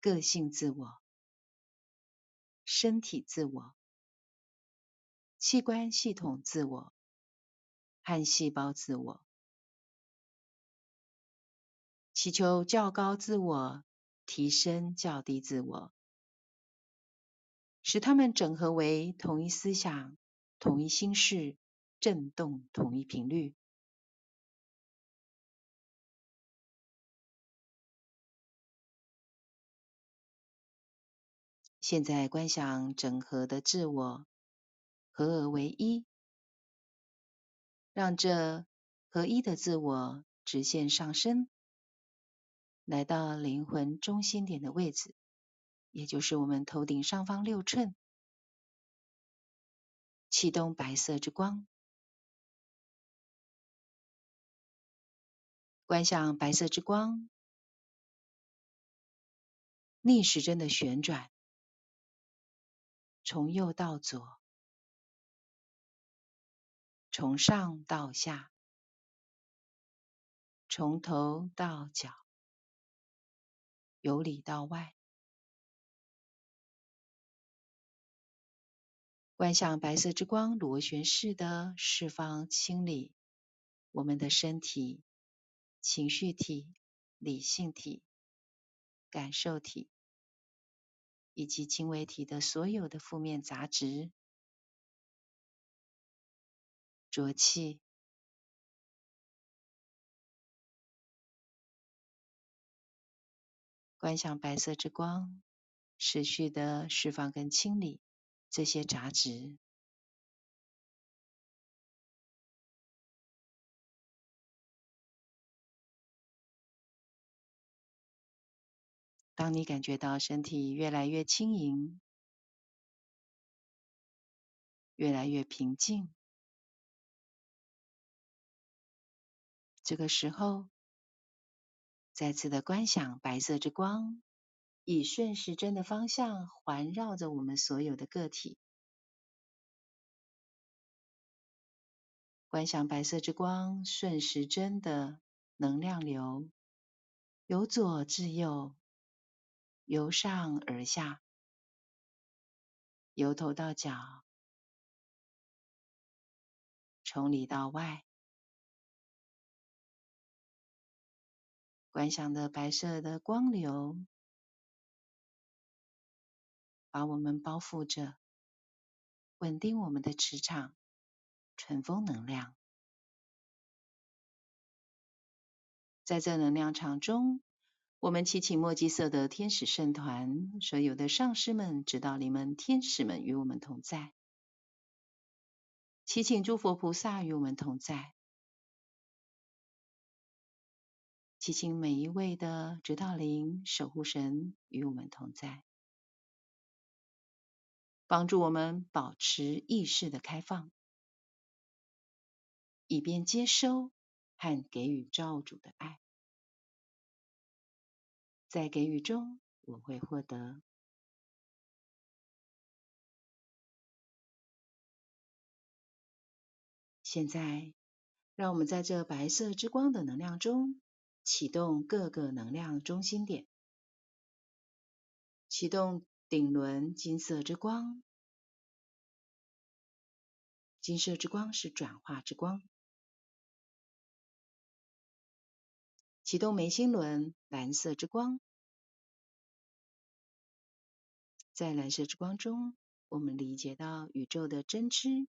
個性自我、身體自我、器官系統自我和細胞自我。祈求較高自我，提升較低自我，使他們整合為同一思想、同一心事、振動同一頻率。現在觀想整合的自我，合而為一，讓這合一的自我直線上升。來到靈魂中心點的位置，也就是我們頭頂上方六寸，啟動白色之光，觀想白色之光，逆時針的旋轉，從右到左，從上到下，從頭到腳。由裡到外，觀想白色之光螺旋式的釋放，清理我們的身體、情緒體、理性體、感受體以及精微體的所有的負面雜質、濁氣。觀想白色之光，持續的釋放跟清理這些雜質。當你感覺到身體越來越輕盈，越來越平靜，這個時候，再次的觀想白色之光，以順時針的方向環繞着我們所有的個體。觀想白色之光，順時針的能量流，由左至右，由上而下，由頭到腳，從裡到外。觀想的白色的光流把我們包覆着，穩定我們的磁場，充豐能量。在這能量場中，我們祈請墨跡色的天使聖團，所有的上師們，指導你們天使們與我們同在，祈請諸佛菩薩與我們同在。祈請每一位的指導靈、守護神與我們同在，幫助我們保持意識的開放，以便接收和給予造物主的愛。在給予中，我會獲得。現在，讓我們在這白色之光的能量中。啟動各個能量中心點，啟動頂輪金色之光，金色之光是轉化之光；啟動眉心輪藍色之光，在藍色之光中，我們理解到宇宙的真知。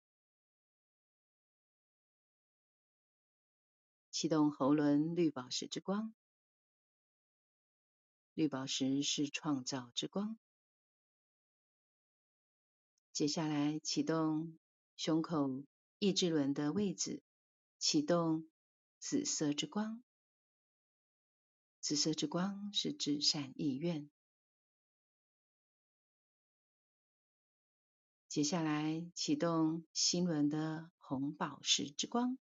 啟動喉輪綠寶石之光，綠寶石是創造之光。接下來啟動胸口意志輪的位置，啟動紫色之光，紫色之光是至善意願。接下來啟動心輪的紅寶石之光。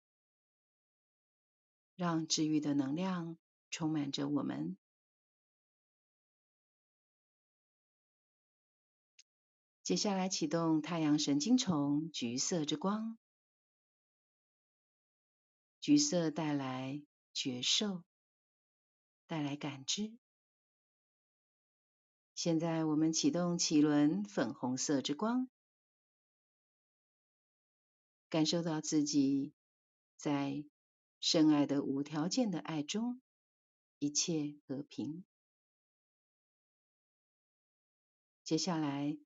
讓治癒的能量充滿着我們。接下來啟動太陽神經叢，橘色之光。橘色帶來覺受，帶來感知。現在我們啟動起輪，粉紅色之光，感受到自己在。深愛的無條件的愛中，一切和平。接下來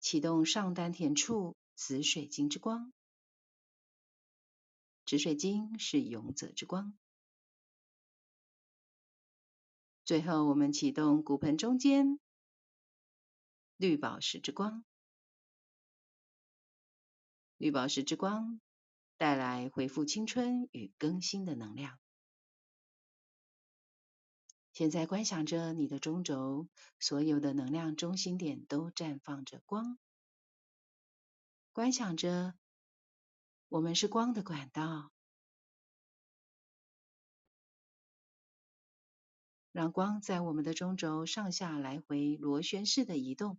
啟動上丹田處紫水晶之光，紫水晶是勇者之光。最後我們啟動骨盆中間綠寶石之光，綠寶石之光。帶來恢復青春與更新的能量。現在觀想着你的中軸，所有的能量中心點都綻放着光。觀想着，我們是光的管道，讓光在我們的中軸上下來回螺旋式的移動。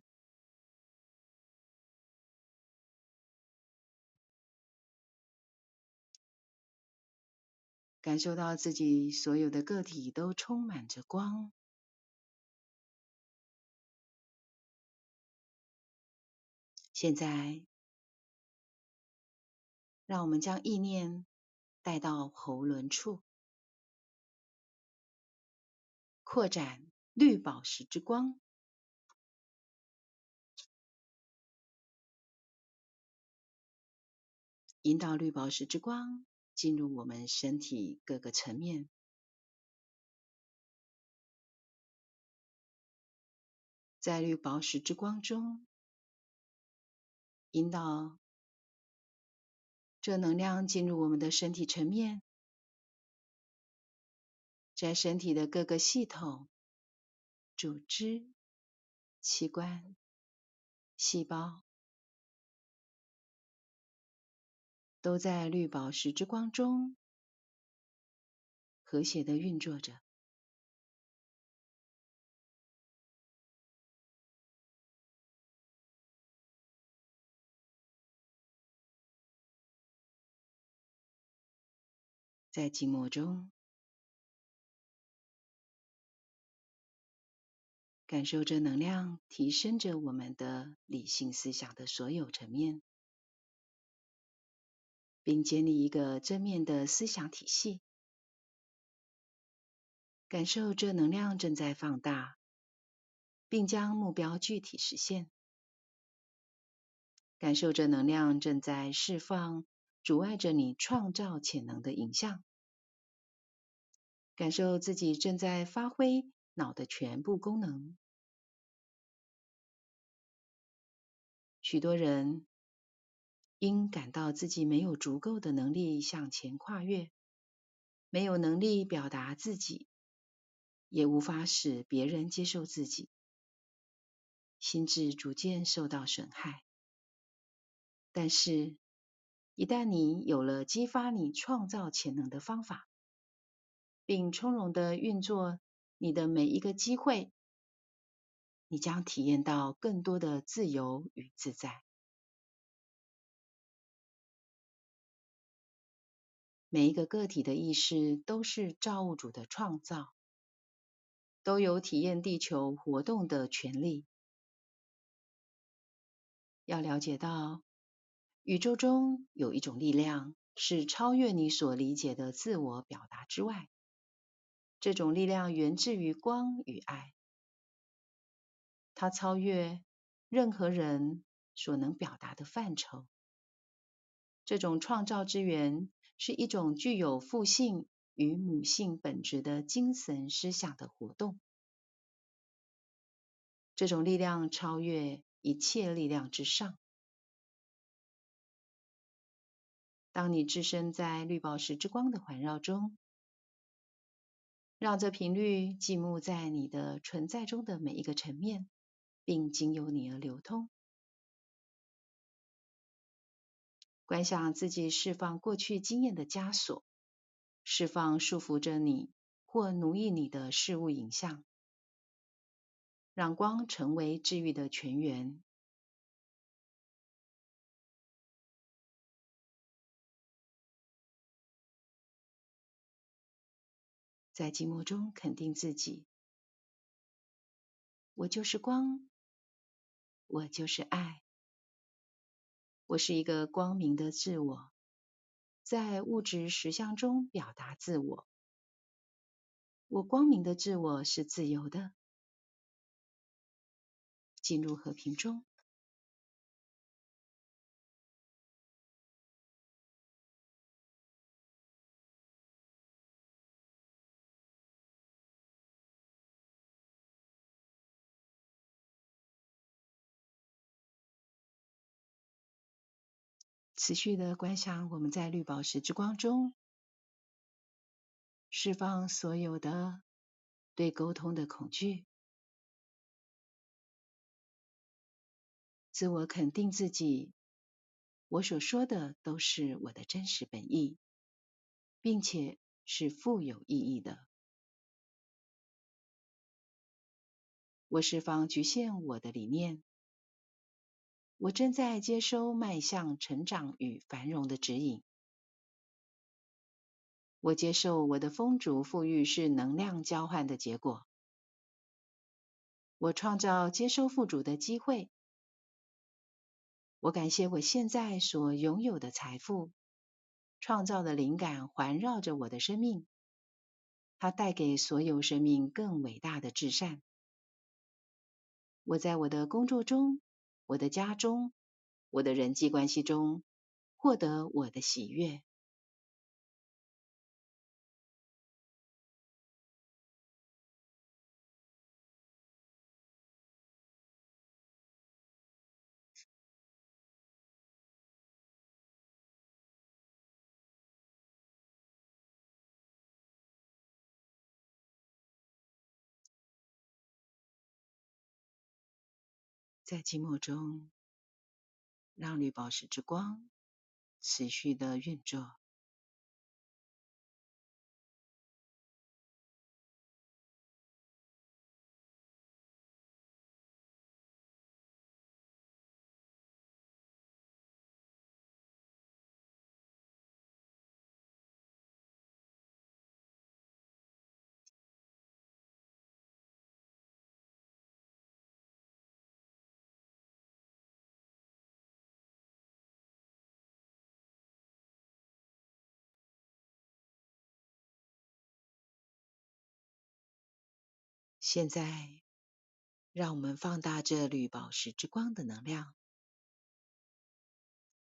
感受到自己所有的個體都充滿着光。現在，讓我們將意念帶到喉輪處，擴展綠寶石之光，引導綠寶石之光，進入我們身體各個層面，在綠寶石之光中引導這能量進入我們的身體層面，在身體的各個系統、組織、器官、細胞。都在綠寶石之光中和諧地運作着，在靜默中感受着能量提升着我們的理性思想的所有層面。並建立一個正面的思想體系，感受這能量正在放大，並將目標具體實現；感受這能量正在釋放阻礙着你創造潛能的影像；感受自己正在發揮腦的全部功能。許多人。因感到自己沒有足夠的能力向前跨越，沒有能力表達自己，也無法使別人接受自己，心智逐漸受到損害。但是，一旦你有了激發你創造潛能的方法，並從容地運作你的每一個機會，你將體驗到更多的自由與自在。每一個個體的意識都是造物主的創造，都有體驗地球活動的權利。要了解到，宇宙中有一種力量是超越你所理解的自我表達之外，這種力量源自於光與愛，它超越任何人所能表達的範疇。這種創造之源。是一種具有父性與母性本質的精神思想的活動。這種力量超越一切力量之上。當你置身在綠寶石之光的環繞中，讓這頻率浸沒在你的存在中的每一個層面，並經由你而流通。觀想自己釋放過去經驗的枷鎖，釋放束縛着你或奴役你的事物影像，讓光成為治癒的泉源。在寂寞中肯定自己：我就是光，我就是愛。我是一個光明的自我，在物質實相中表達自我。我光明的自我是自由的，進入和平中。持續的觀想，我們在綠寶石之光中釋放所有的對溝通的恐懼，自我肯定自己，我所說的都是我的真實本意，並且是富有意義的。我釋放侷限我的理念。我正在接收邁向成長與繁榮的指引。我接受我的豐足富裕是能量交換的結果。我創造接收富足的機會。我感謝我現在所擁有的財富。創造的靈感環繞着我的生命，它帶給所有生命更偉大的至善。我在我的工作中，我的家中，我的人際關係中，獲得我的喜悅。在寂寞中，讓綠寶石之光持續地運作。現在，讓我們放大這綠寶石之光的能量，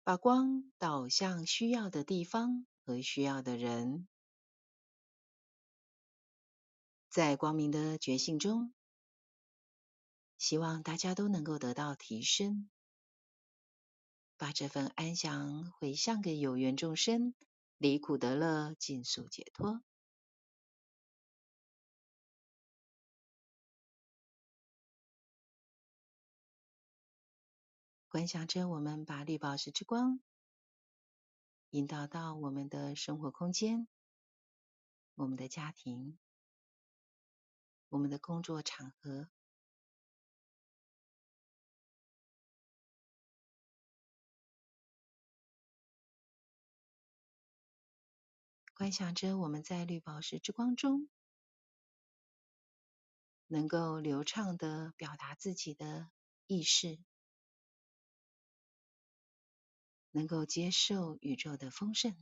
把光導向需要的地方和需要的人。在光明的覺醒中，希望大家都能夠得到提升，把這份安詳回向給有緣眾生，離苦得樂，盡速解脫。觀想着，我們把綠寶石之光引導到我們的生活空間、我們的家庭、我們的工作場合。觀想着，我們在綠寶石之光中能夠流暢地表達自己的意識。能夠接受宇宙的豐盛，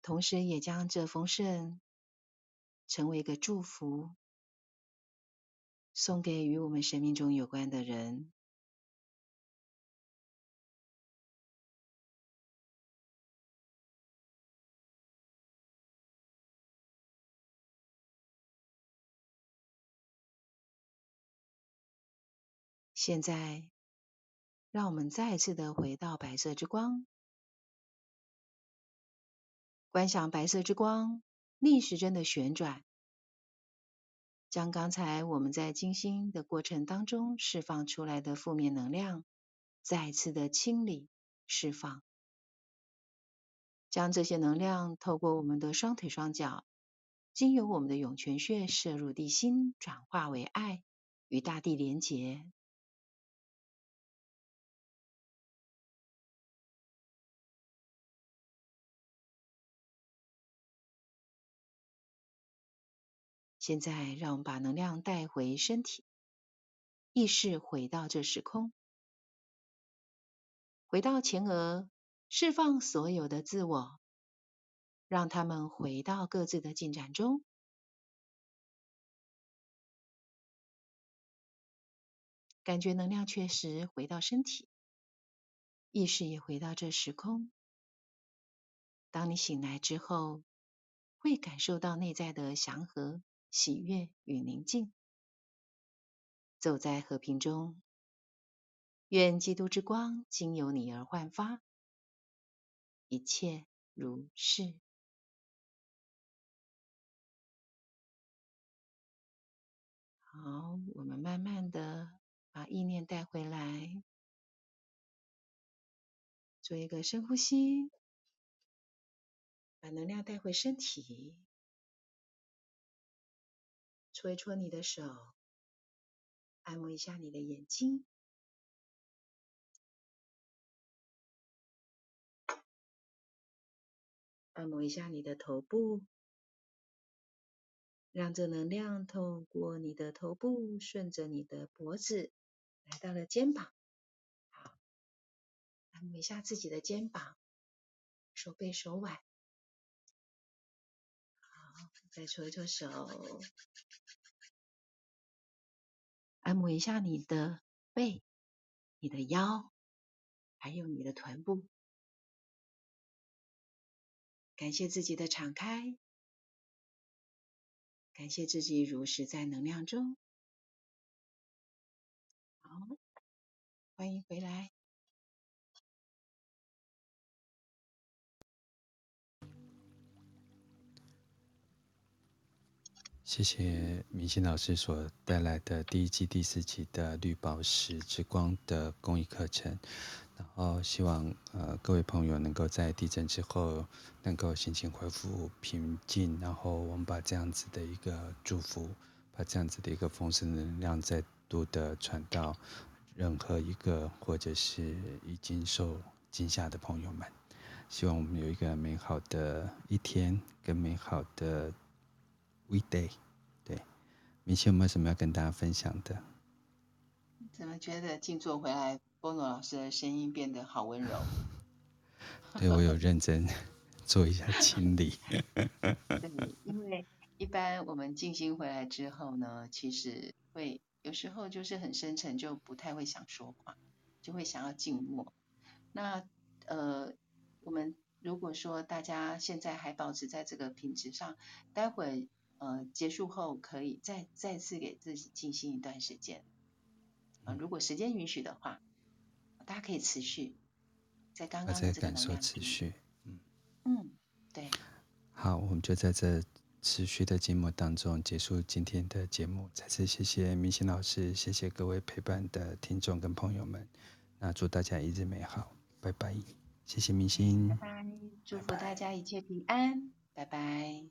同時也將這豐盛成為一個祝福，送給與我們生命中有關的人。現在，讓我們再次的回到白色之光，觀想白色之光逆時針的旋轉，將剛才我們在靜心的過程當中釋放出來的負面能量，再次的清理、釋放，將這些能量透過我們的雙腿、雙腳，經由我們的湧泉穴射入地心，轉化為愛，與大地連結。現在，讓我們把能量帶回身體，意識回到這時空，回到前額，釋放所有的自我，讓他們回到各自的進展中。感覺能量確實回到身體，意識也回到這時空。當你醒來之後，會感受到內在的祥和。喜悅與寧靜，走在和平中。願基督之光經由你而煥發，一切如是。好，我們慢慢的把意念帶回來，做一個深呼吸，把能量帶回身體。搓一搓你的手，按摩一下你的眼睛，按摩一下你的頭部，讓這能量透過你的頭部，順着你的脖子，來到了肩膀。好，按摩一下自己的肩膀，手背、手腕。好，再搓一搓手。來摸一下你的背，你的腰，還有你的臀部。感謝自己的敞開，感謝自己如實在能量中。好，歡迎回來。謝謝明心老師所帶來的第一季第四集的《綠寶石之光》的公益課程，然後希望呃各位朋友能夠在地震之後能夠心情恢復平靜，然後我們把這樣子的一個祝福，把這樣子的一個豐盛能量再度的傳到任何一個或者是已經受驚嚇的朋友們，希望我們有一個美好的一天，跟美好的。We day，對，明天有沒有什麼要跟大家分享的？怎麼覺得靜坐回來，Bono 老師的聲音變得好溫柔？ 對我有認真 做一下清理。 對，因為一般我們靜心回來之後呢，其實會有時候就是很深沉，就不太會想說話，就會想要靜默。那呃，我們如果說大家現在還保持在這個品質上，待會。呃，結束後可以再再次給自己靜心一段時間。啊、嗯嗯，如果時間允許的話，大家可以持續在剛剛。在剛剛這個能量，那在感受持續，嗯。嗯，對。好，我們就在這持續的靜默當中結束今天的節目。再次謝謝明心老師，謝謝各位陪伴的聽眾跟朋友們。那祝大家一日美好、嗯，拜拜。謝謝明心。拜拜，祝福大家一切平安，拜拜。